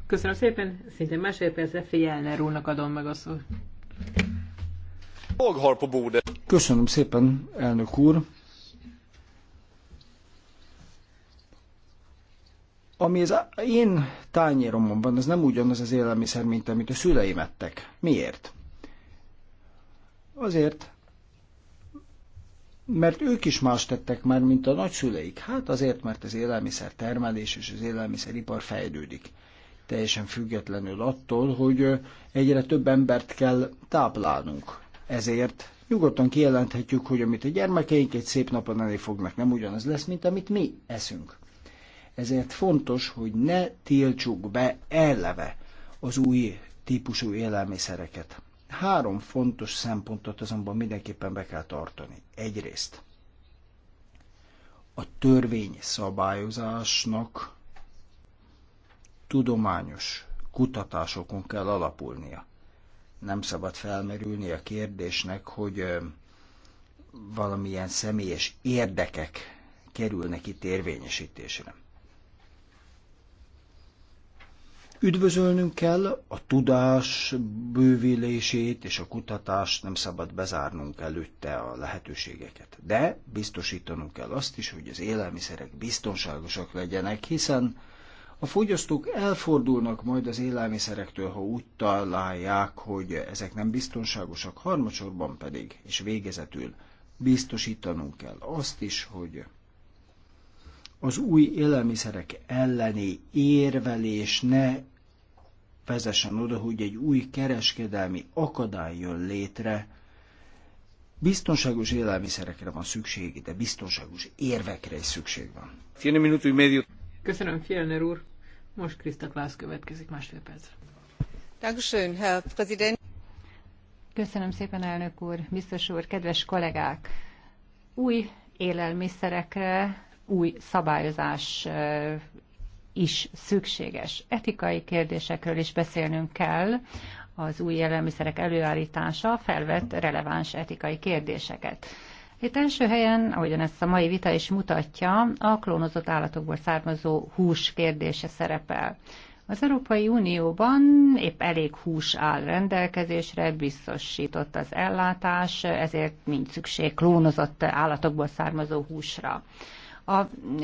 Köszönöm szépen, szintén másfél percre Fjellner úrnak adom meg a szót. Köszönöm szépen, elnök úr. Ami az én tányéromon van, ez nem ugyanaz az élelmiszer, mint amit a szüleim ettek. Miért? Azért, mert ők is más tettek már, mint a nagyszüleik. Hát azért, mert az élelmiszer termelés és az élelmiszeripar fejlődik. Teljesen függetlenül attól, hogy egyre több embert kell táplálnunk. Ezért nyugodtan kijelenthetjük, hogy amit a gyermekeink egy szép napon elé fognak, nem ugyanaz lesz, mint amit mi eszünk. Ezért fontos, hogy ne tiltsuk be eleve az új típusú élelmiszereket. Három fontos szempontot azonban mindenképpen be kell tartani. Egyrészt a törvény szabályozásnak tudományos kutatásokon kell alapulnia. Nem szabad felmerülni a kérdésnek, hogy valamilyen személyes érdekek kerülnek itt érvényesítésre. Üdvözölnünk kell a tudás bővülését és a kutatást nem szabad bezárnunk előtte a lehetőségeket. De biztosítanunk kell azt is, hogy az élelmiszerek biztonságosak legyenek, hiszen a fogyasztók elfordulnak majd az élelmiszerektől, ha úgy találják, hogy ezek nem biztonságosak, harmadsorban pedig, és végezetül biztosítanunk kell azt is, hogy az új élelmiszerek elleni érvelés ne vezessen oda, hogy egy új kereskedelmi akadály jön létre. Biztonságos élelmiszerekre van szükség, de biztonságos érvekre is szükség van. Tiene minuto y medio. Köszönöm, Fjellner úr. Most Krista Klász következik másfél perc. Dankeschön, Herr Präsident. Köszönöm szépen, elnök úr, biztos úr, kedves kollégák! Új élelmiszerekre új szabályozás is szükséges. Etikai kérdésekről is beszélnünk kell. Az új élelmiszerek előállítása felvett releváns etikai kérdéseket. Itt első helyen, ahogyan ezt a mai vita is mutatja, a klónozott állatokból származó hús kérdése szerepel. Az Európai Unióban épp elég hús áll rendelkezésre, biztosított az ellátás, ezért nincs szükség klónozott állatokból származó húsra. A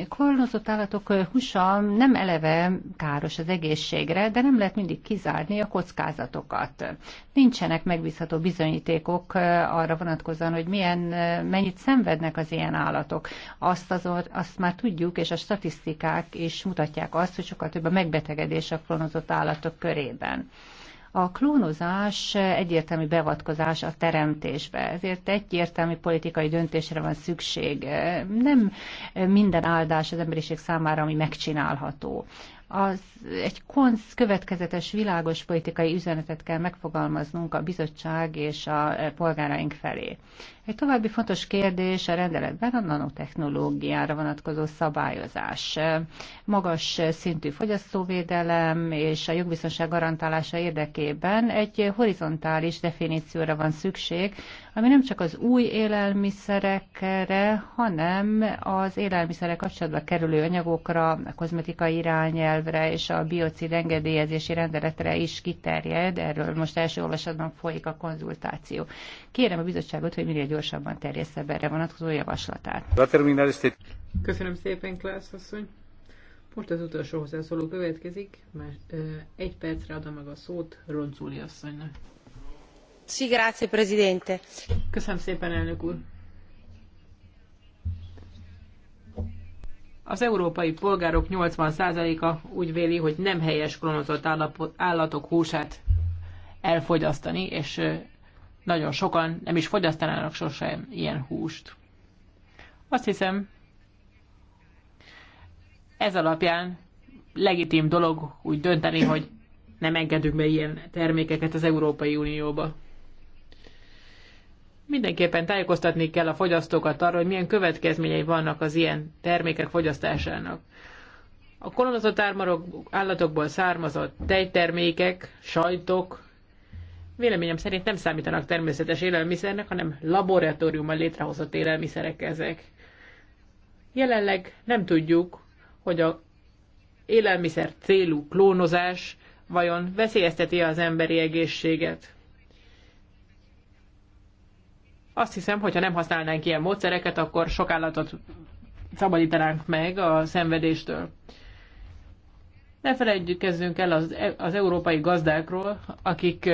klónozott állatok húsa nem eleve káros az egészségre, de nem lehet mindig kizárni a kockázatokat. Nincsenek megbízható bizonyítékok eh, arra vonatkozóan, hogy milyen, eh, mennyit szenvednek az ilyen állatok. Azt, az azt már tudjuk, és a statisztikák is mutatják azt, hogy sokkal több a megbetegedés a klónozott állatok körében. A klónozás egyértelmű beavatkozás a teremtésbe, ezért egyértelmű politikai döntésre van szükség. Nem minden áldás az emberiség számára, ami megcsinálható az egy konz következetes, világos politikai üzenetet kell megfogalmaznunk a bizottság és a polgáraink felé. Egy további fontos kérdés a rendeletben a nanotechnológiára vonatkozó szabályozás. Magas szintű fogyasztóvédelem és a jogbiztonság garantálása érdekében egy horizontális definícióra van szükség, ami nem csak az új élelmiszerekre, hanem az élelmiszerek kapcsolatba kerülő anyagokra, a kozmetikai irányelvre és a biocid engedélyezési rendeletre is kiterjed. Erről most első olvasatban folyik a konzultáció. Kérem a bizottságot, hogy minél gyorsabban terjeszte be erre vonatkozó javaslatát. Köszönöm szépen, Klász asszony. Most az utolsó hozzászóló következik, mert ö, egy percre adom meg a szót Roncúli asszonynak. Sí, grazie, presidente. Köszönöm szépen, elnök úr. Az európai polgárok 80%-a úgy véli, hogy nem helyes klonozott állatok húsát elfogyasztani, és nagyon sokan nem is fogyasztanának sosem ilyen húst. Azt hiszem, ez alapján legitim dolog úgy dönteni, hogy nem engedünk be ilyen termékeket az Európai Unióba. Mindenképpen tájékoztatni kell a fogyasztókat arra, hogy milyen következményei vannak az ilyen termékek fogyasztásának. A kolonozott állatokból származott tejtermékek, sajtok, Véleményem szerint nem számítanak természetes élelmiszernek, hanem laboratóriumban létrehozott élelmiszerek ezek. Jelenleg nem tudjuk, hogy a élelmiszer célú klónozás vajon veszélyezteti az emberi egészséget. Azt hiszem, hogyha nem használnánk ilyen módszereket, akkor sok állatot szabadítanánk meg a szenvedéstől. Ne felejtjük el az, e- az európai gazdákról, akik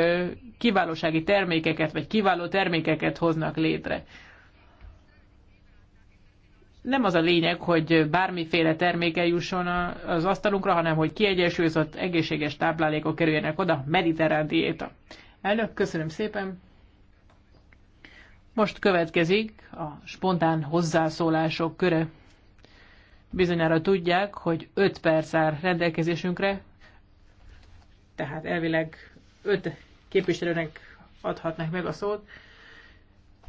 kiválósági termékeket vagy kiváló termékeket hoznak létre. Nem az a lényeg, hogy bármiféle terméke jusson az asztalunkra, hanem hogy kiegyensúlyozott, egészséges táplálékok kerüljenek oda, mediterrán diéta. Elnök, köszönöm szépen! Most következik a spontán hozzászólások köre. Bizonyára tudják, hogy 5 perc áll rendelkezésünkre, tehát elvileg 5 képviselőnek adhatnak meg a szót.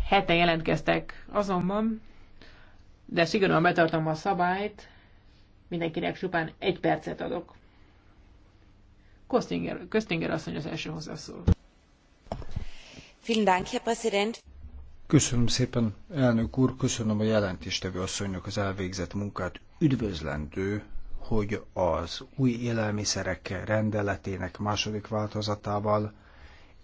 Heten jelentkeztek azonban, de szigorúan betartom a szabályt, mindenkinek csupán egy percet adok. Köstinger, Köstinger asszony az első hozzászól. Köszönöm szépen, elnök úr, köszönöm a jelentéstevő asszonynak az elvégzett munkát. Üdvözlendő, hogy az új élelmiszerek rendeletének második változatával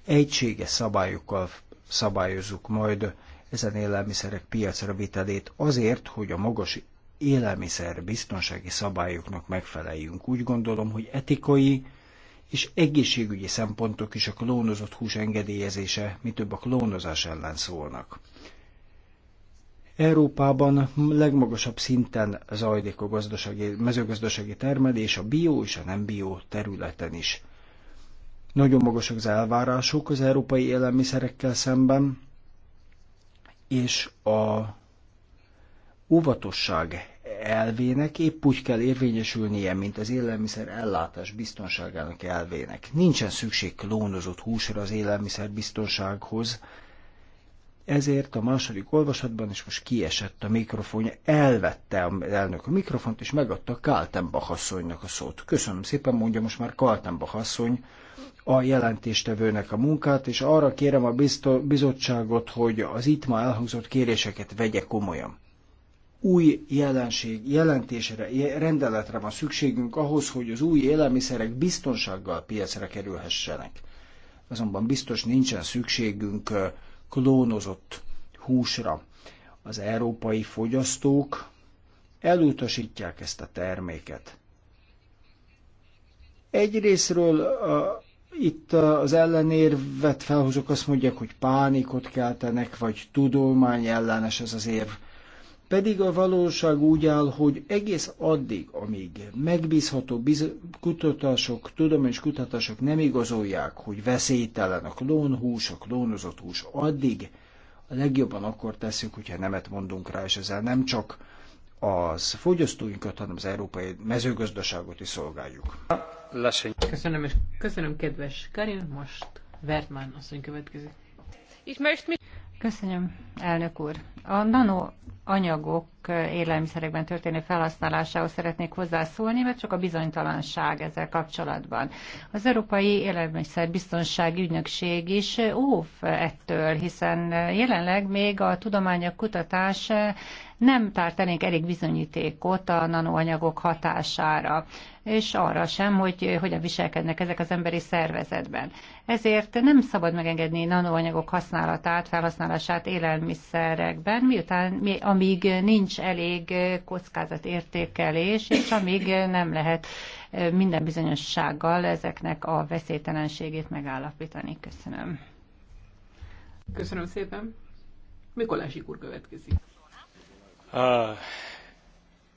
egységes szabályokkal szabályozzuk majd ezen élelmiszerek piacra vitelét azért, hogy a magas élelmiszer biztonsági szabályoknak megfeleljünk. Úgy gondolom, hogy etikai és egészségügyi szempontok is a klónozott hús engedélyezése, mi több a klónozás ellen szólnak. Európában legmagasabb szinten zajlik a gazdasági, mezőgazdasági termelés a bio és a nem bió területen is. Nagyon magasak az elvárások az európai élelmiszerekkel szemben, és a óvatosság elvének épp úgy kell érvényesülnie, mint az élelmiszer ellátás biztonságának elvének. Nincsen szükség klónozott húsra az élelmiszer biztonsághoz, ezért a második olvasatban, és most kiesett a mikrofonja, elvette a elnök a mikrofont, és megadta Kaltenbach asszonynak a szót. Köszönöm szépen, mondja most már Kaltenbach asszony a jelentéstevőnek a munkát, és arra kérem a bizottságot, hogy az itt ma elhangzott kéréseket vegye komolyan. Új jelenség, jelentésre, rendeletre van szükségünk ahhoz, hogy az új élelmiszerek biztonsággal piacra kerülhessenek. Azonban biztos nincsen szükségünk uh, klónozott húsra. Az európai fogyasztók elutasítják ezt a terméket. Egyrésztről a, itt az ellenérvet felhozok, azt mondják, hogy pánikot keltenek, vagy tudomány ellenes ez az érv. Pedig a valóság úgy áll, hogy egész addig, amíg megbízható kutatások, tudományos kutatások nem igazolják, hogy veszélytelen a klónhús, a klónozott hús, addig a legjobban akkor tesszük, hogyha nemet mondunk rá, és ezzel nem csak az fogyasztóinkat, hanem az európai mezőgazdaságot is szolgáljuk. Lesen. Köszönöm, és köszönöm, kedves Karin. Most Vertmán asszony következik. Ich möchte mich Köszönöm, elnök úr. A anyagok eh, élelmiszerekben történő felhasználásához szeretnék hozzászólni, mert csak a bizonytalanság ezzel kapcsolatban. Az Európai Élelmiszerbiztonsági Ügynökség is eh, óv ettől, hiszen eh, jelenleg még a tudományok kutatás nem tártenénk elég bizonyítékot a nanoanyagok hatására és arra sem, hogy hogyan viselkednek ezek az emberi szervezetben. Ezért nem szabad megengedni nanoanyagok használatát, felhasználását élelmiszerekben, miután, amíg nincs elég kockázatértékelés, és amíg nem lehet minden bizonyossággal ezeknek a veszélytelenségét megállapítani. Köszönöm. Köszönöm szépen. Mikolási úr következik. Uh,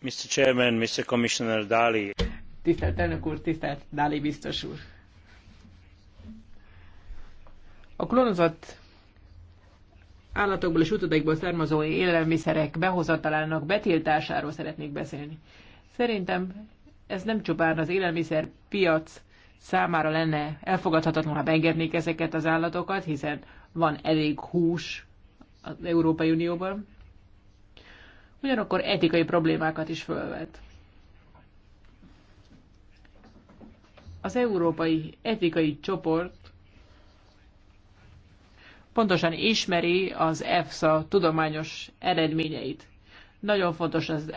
Mr. Mr. Commissioner Tisztelt elnök úr, tisztelt Dalli biztos úr. A klónozott állatokból és utódaikból származó élelmiszerek behozatalának betiltásáról szeretnék beszélni. Szerintem ez nem csupán az élelmiszer piac számára lenne elfogadhatatlan, ha beengednék ezeket az állatokat, hiszen van elég hús az Európai Unióban ugyanakkor etikai problémákat is fölvet. Az Európai Etikai Csoport pontosan ismeri az EFSA tudományos eredményeit. Nagyon fontos az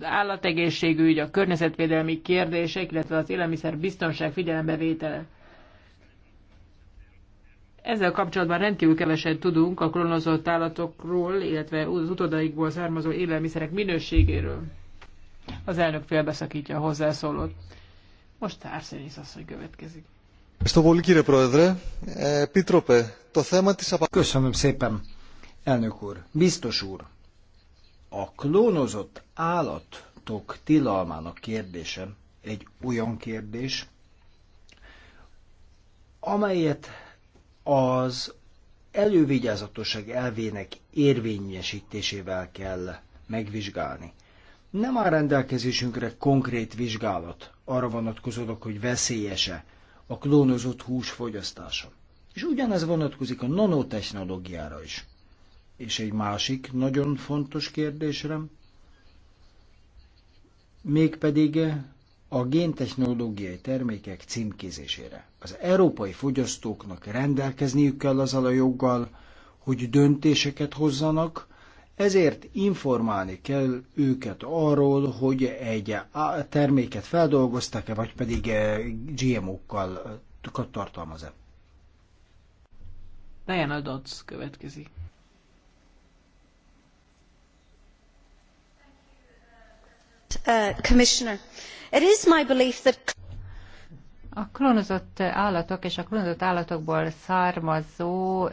állategészségügy, a környezetvédelmi kérdések, illetve az élelmiszer biztonság figyelembevétele. Ezzel kapcsolatban rendkívül keveset tudunk a klonozott állatokról, illetve az utodaikból származó élelmiszerek minőségéről. Az elnök félbeszakítja a hozzászólót. Most Arsenis asszony következik. Köszönöm szépen, elnök úr, biztos úr. A klónozott állatok tilalmának kérdése egy olyan kérdés, amelyet az elővigyázatosság elvének érvényesítésével kell megvizsgálni. Nem áll rendelkezésünkre konkrét vizsgálat arra vonatkozódok, hogy veszélyese a klónozott hús fogyasztása. És ugyanez vonatkozik a nanotechnológiára is. És egy másik nagyon fontos kérdésre, mégpedig a géntechnológiai termékek címkézésére. Az európai fogyasztóknak rendelkezniük kell azzal a joggal, hogy döntéseket hozzanak, ezért informálni kell őket arról, hogy egy terméket feldolgoztak-e, vagy pedig e, GMO-kkal e, tartalmaz-e. Diana Dodds következik. Uh, a klónozott állatok és a klónozott állatokból származó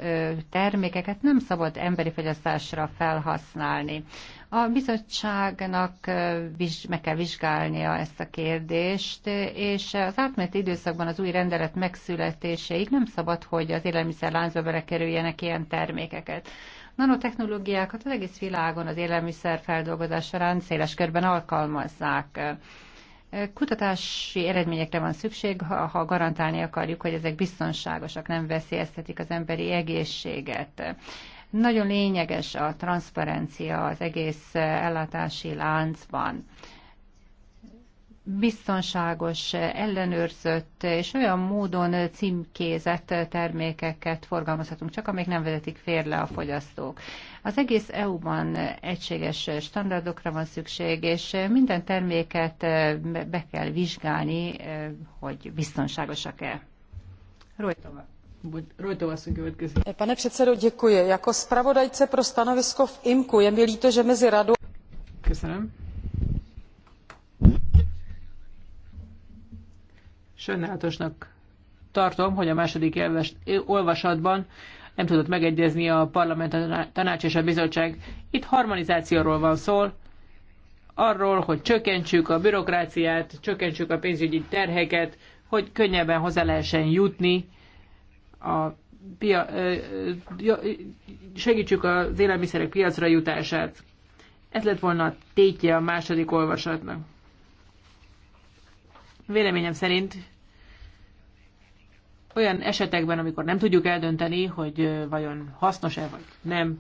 termékeket nem szabad emberi fogyasztásra felhasználni. A bizottságnak meg kell vizsgálnia ezt a kérdést, és az átmeneti időszakban az új rendelet megszületéséig nem szabad, hogy az élelmiszerláncba belekerüljenek ilyen termékeket nanotechnológiákat az egész világon az élelmiszer feldolgozás során széles körben alkalmazzák. Kutatási eredményekre van szükség, ha, ha garantálni akarjuk, hogy ezek biztonságosak, nem veszélyeztetik az emberi egészséget. Nagyon lényeges a transzparencia az egész ellátási láncban biztonságos, ellenőrzött és olyan módon címkézett termékeket forgalmazhatunk, csak amik nem vezetik férle a fogyasztók. Az egész EU-ban egységes standardokra van szükség, és minden terméket be kell vizsgálni, hogy biztonságosak-e. Rojtova. Pane předsedo, děkuji. Jako zpravodajce pro stanovisko v IMKU je mi líto, že mezi radou... Köszönöm Sajnálatosnak tartom, hogy a második olvasatban nem tudott megegyezni a parlament, a tanács és a bizottság. Itt harmonizációról van szó, arról, hogy csökkentsük a bürokráciát, csökkentsük a pénzügyi terheket, hogy könnyebben hozzá lehessen jutni a pia, segítsük az élelmiszerek piacra jutását. Ez lett volna a tétje a második olvasatnak. Véleményem szerint olyan esetekben, amikor nem tudjuk eldönteni, hogy vajon hasznos-e vagy nem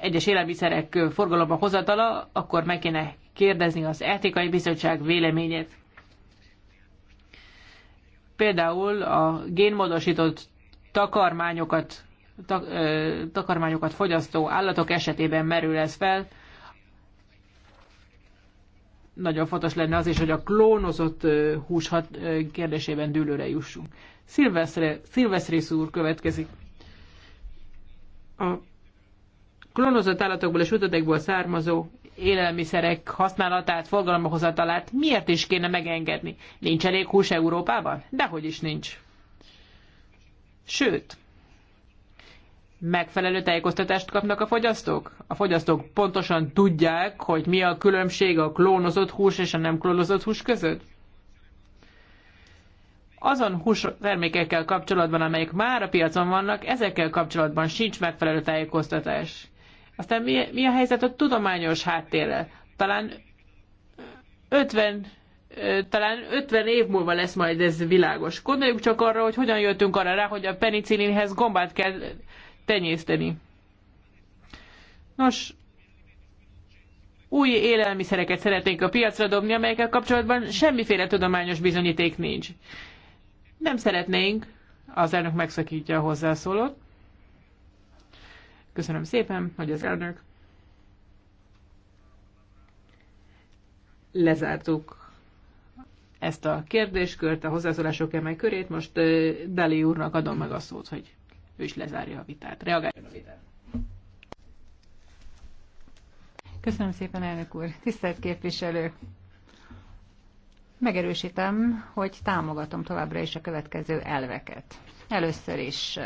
egyes élelmiszerek forgalomba hozatala, akkor meg kéne kérdezni az etikai bizottság véleményét. Például a génmódosított takarmányokat, tak, ö, takarmányokat fogyasztó állatok esetében merül ez fel, nagyon fontos lenne az is, hogy a klónozott hús hat, kérdésében dőlőre jussunk. Szilveszre, Szilveszrész úr következik. A klónozott állatokból és utatokból származó élelmiszerek használatát, forgalomhozatalát miért is kéne megengedni? Nincs elég hús Európában? Dehogy is nincs. Sőt, megfelelő tájékoztatást kapnak a fogyasztók? A fogyasztók pontosan tudják, hogy mi a különbség a klónozott hús és a nem klónozott hús között? Azon hús termékekkel kapcsolatban, amelyek már a piacon vannak, ezekkel kapcsolatban sincs megfelelő tájékoztatás. Aztán mi, mi a helyzet a tudományos háttérrel? Talán 50 talán 50 év múlva lesz majd ez világos. Gondoljuk csak arra, hogy hogyan jöttünk arra rá, hogy a penicillinhez gombát kell tenyészteni. Nos, új élelmiszereket szeretnénk a piacra dobni, amelyekkel kapcsolatban semmiféle tudományos bizonyíték nincs. Nem szeretnénk, az elnök megszakítja a hozzászólót. Köszönöm szépen, hogy az elnök. Lezártuk ezt a kérdéskört, a hozzászólások emelkörét. Most Dali úrnak adom meg a szót, hogy ő is lezárja a vitát. Reagáljon a vitát. Köszönöm szépen, elnök úr. Tisztelt képviselő! Megerősítem, hogy támogatom továbbra is a következő elveket. Először is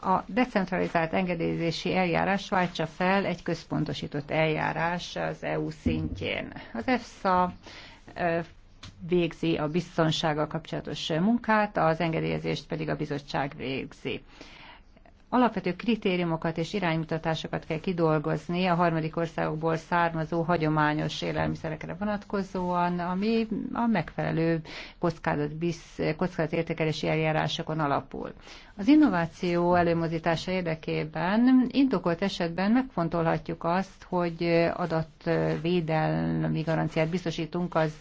a decentralizált engedélyezési eljárás váltsa fel egy központosított eljárás az EU szintjén. Az EFSA végzi a biztonsággal kapcsolatos munkát, az engedélyezést pedig a bizottság végzi alapvető kritériumokat és iránymutatásokat kell kidolgozni a harmadik országokból származó hagyományos élelmiszerekre vonatkozóan, ami a megfelelő kockázat, bisz, kockázatértékelési eljárásokon alapul. Az innováció előmozítása érdekében indokolt esetben megfontolhatjuk azt, hogy adatvédelmi garanciát biztosítunk az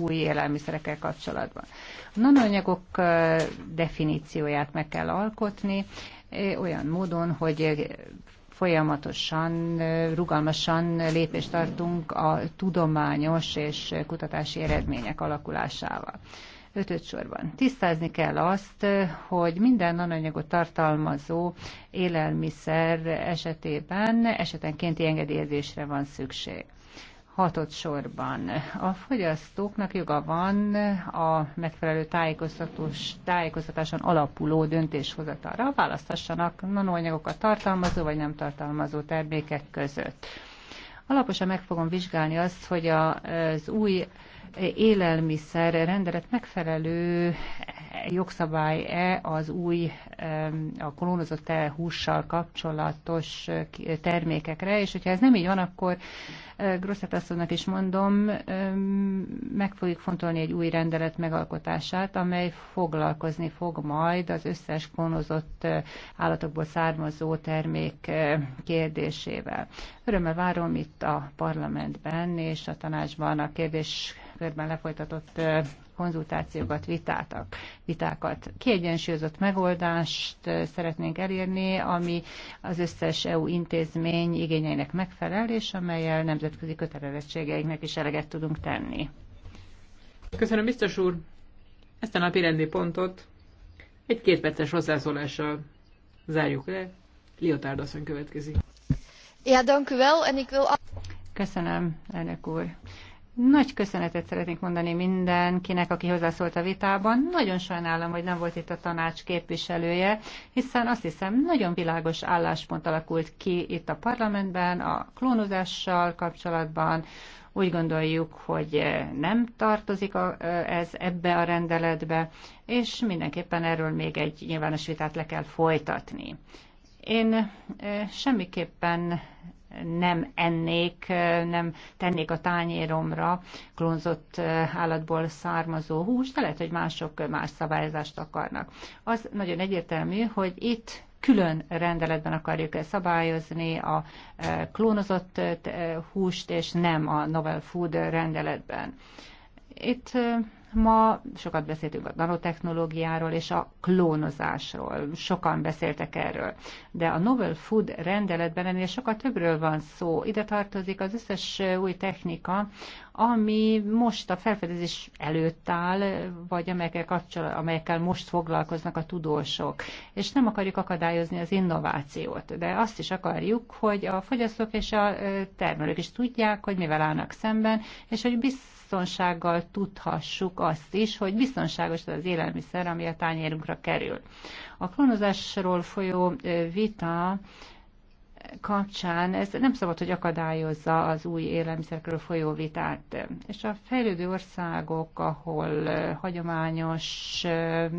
új élelmiszerekkel kapcsolatban. A nanoanyagok definícióját meg kell alkotni, olyan módon, hogy folyamatosan, rugalmasan lépést tartunk a tudományos és kutatási eredmények alakulásával. Ötöt sorban. Tisztázni kell azt, hogy minden nananyagot tartalmazó élelmiszer esetében esetenkénti engedélyezésre van szükség. Hatod sorban a fogyasztóknak joga van a megfelelő tájékoztatáson alapuló döntéshozatalra, választassanak nanóanyagokat tartalmazó vagy nem tartalmazó termékek között. Alaposan meg fogom vizsgálni azt, hogy az új élelmiszer rendelet megfelelő jogszabály-e az új a klónozott -e hússal kapcsolatos termékekre, és hogyha ez nem így van, akkor e, Grosszett asszonynak is mondom, meg fogjuk fontolni egy új rendelet megalkotását, amely foglalkozni fog majd az összes klónozott e, állatokból származó termék e, kérdésével. Örömmel várom itt itt a parlamentben és a tanácsban a kérdéskörben lefolytatott konzultációkat, vitátak, vitákat. Kiegyensúlyozott megoldást szeretnénk elérni, ami az összes EU intézmény igényeinek megfelel, és amelyel nemzetközi kötelezettségeinknek is eleget tudunk tenni. Köszönöm, biztos úr! Ezt a napi rendi pontot egy kétperces hozzászólással zárjuk le. Liotárd asszony következik. Ja, dank u wel, en ik wil... Köszönöm, elnök úr. Nagy köszönetet szeretnék mondani mindenkinek, aki hozzászólt a vitában. Nagyon sajnálom, hogy nem volt itt a tanács képviselője, hiszen azt hiszem nagyon világos álláspont alakult ki itt a parlamentben, a klónozással kapcsolatban. Úgy gondoljuk, hogy eh, nem tartozik eh, ez ebbe a rendeletbe, és mindenképpen erről még egy nyilvános vitát le kell folytatni. Én semmiképpen nem ennék, nem tennék a tányéromra klónzott állatból származó húst, de lehet, hogy mások más szabályozást akarnak. Az nagyon egyértelmű, hogy itt külön rendeletben akarjuk szabályozni a klónozott húst, és nem a novel food rendeletben. Itt Ma sokat beszéltünk a nanotechnológiáról és a klónozásról. Sokan beszéltek erről. De a Novel Food rendeletben ennél sokkal többről van szó. Ide tartozik az összes új technika, ami most a felfedezés előtt áll, vagy amelyekkel, kapcsol, amelyekkel most foglalkoznak a tudósok. És nem akarjuk akadályozni az innovációt, de azt is akarjuk, hogy a fogyasztók és a termelők is tudják, hogy mivel állnak szemben, és hogy biztos biztonsággal tudhassuk azt is, hogy biztonságos az élelmiszer, ami a tányérunkra kerül. A klónozásról folyó vita kapcsán ez nem szabad, hogy akadályozza az új élelmiszerekről folyó vitát. És a fejlődő országok, ahol eh, hagyományos eh,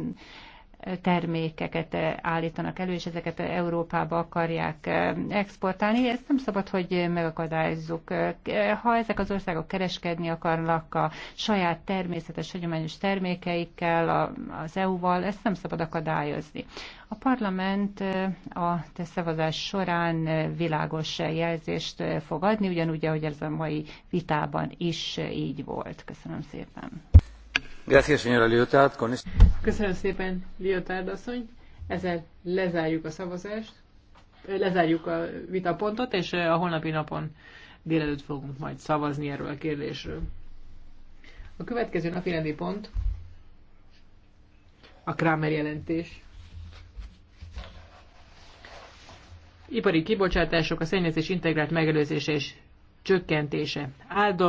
termékeket eh, állítanak elő, és ezeket Európába akarják eh, exportálni. Ezt nem szabad, hogy megakadályozzuk. Eh, ha ezek az országok kereskedni akarnak a saját természetes, hagyományos termékeikkel, az EU-val, ezt nem szabad akadályozni. A parlament a te szavazás során világos jelzést fog adni, ugyanúgy, ahogy ez a mai vitában is így volt. Köszönöm szépen. Köszönöm szépen, Liotard asszony. Ezzel lezárjuk a szavazást, lezárjuk a vitapontot, és a holnapi napon délelőtt fogunk majd szavazni erről a kérdésről. A következő napi rendi pont a Kramer jelentés. Ipari kibocsátások, a szennyezés integrált megelőzése és csökkentése. Áldog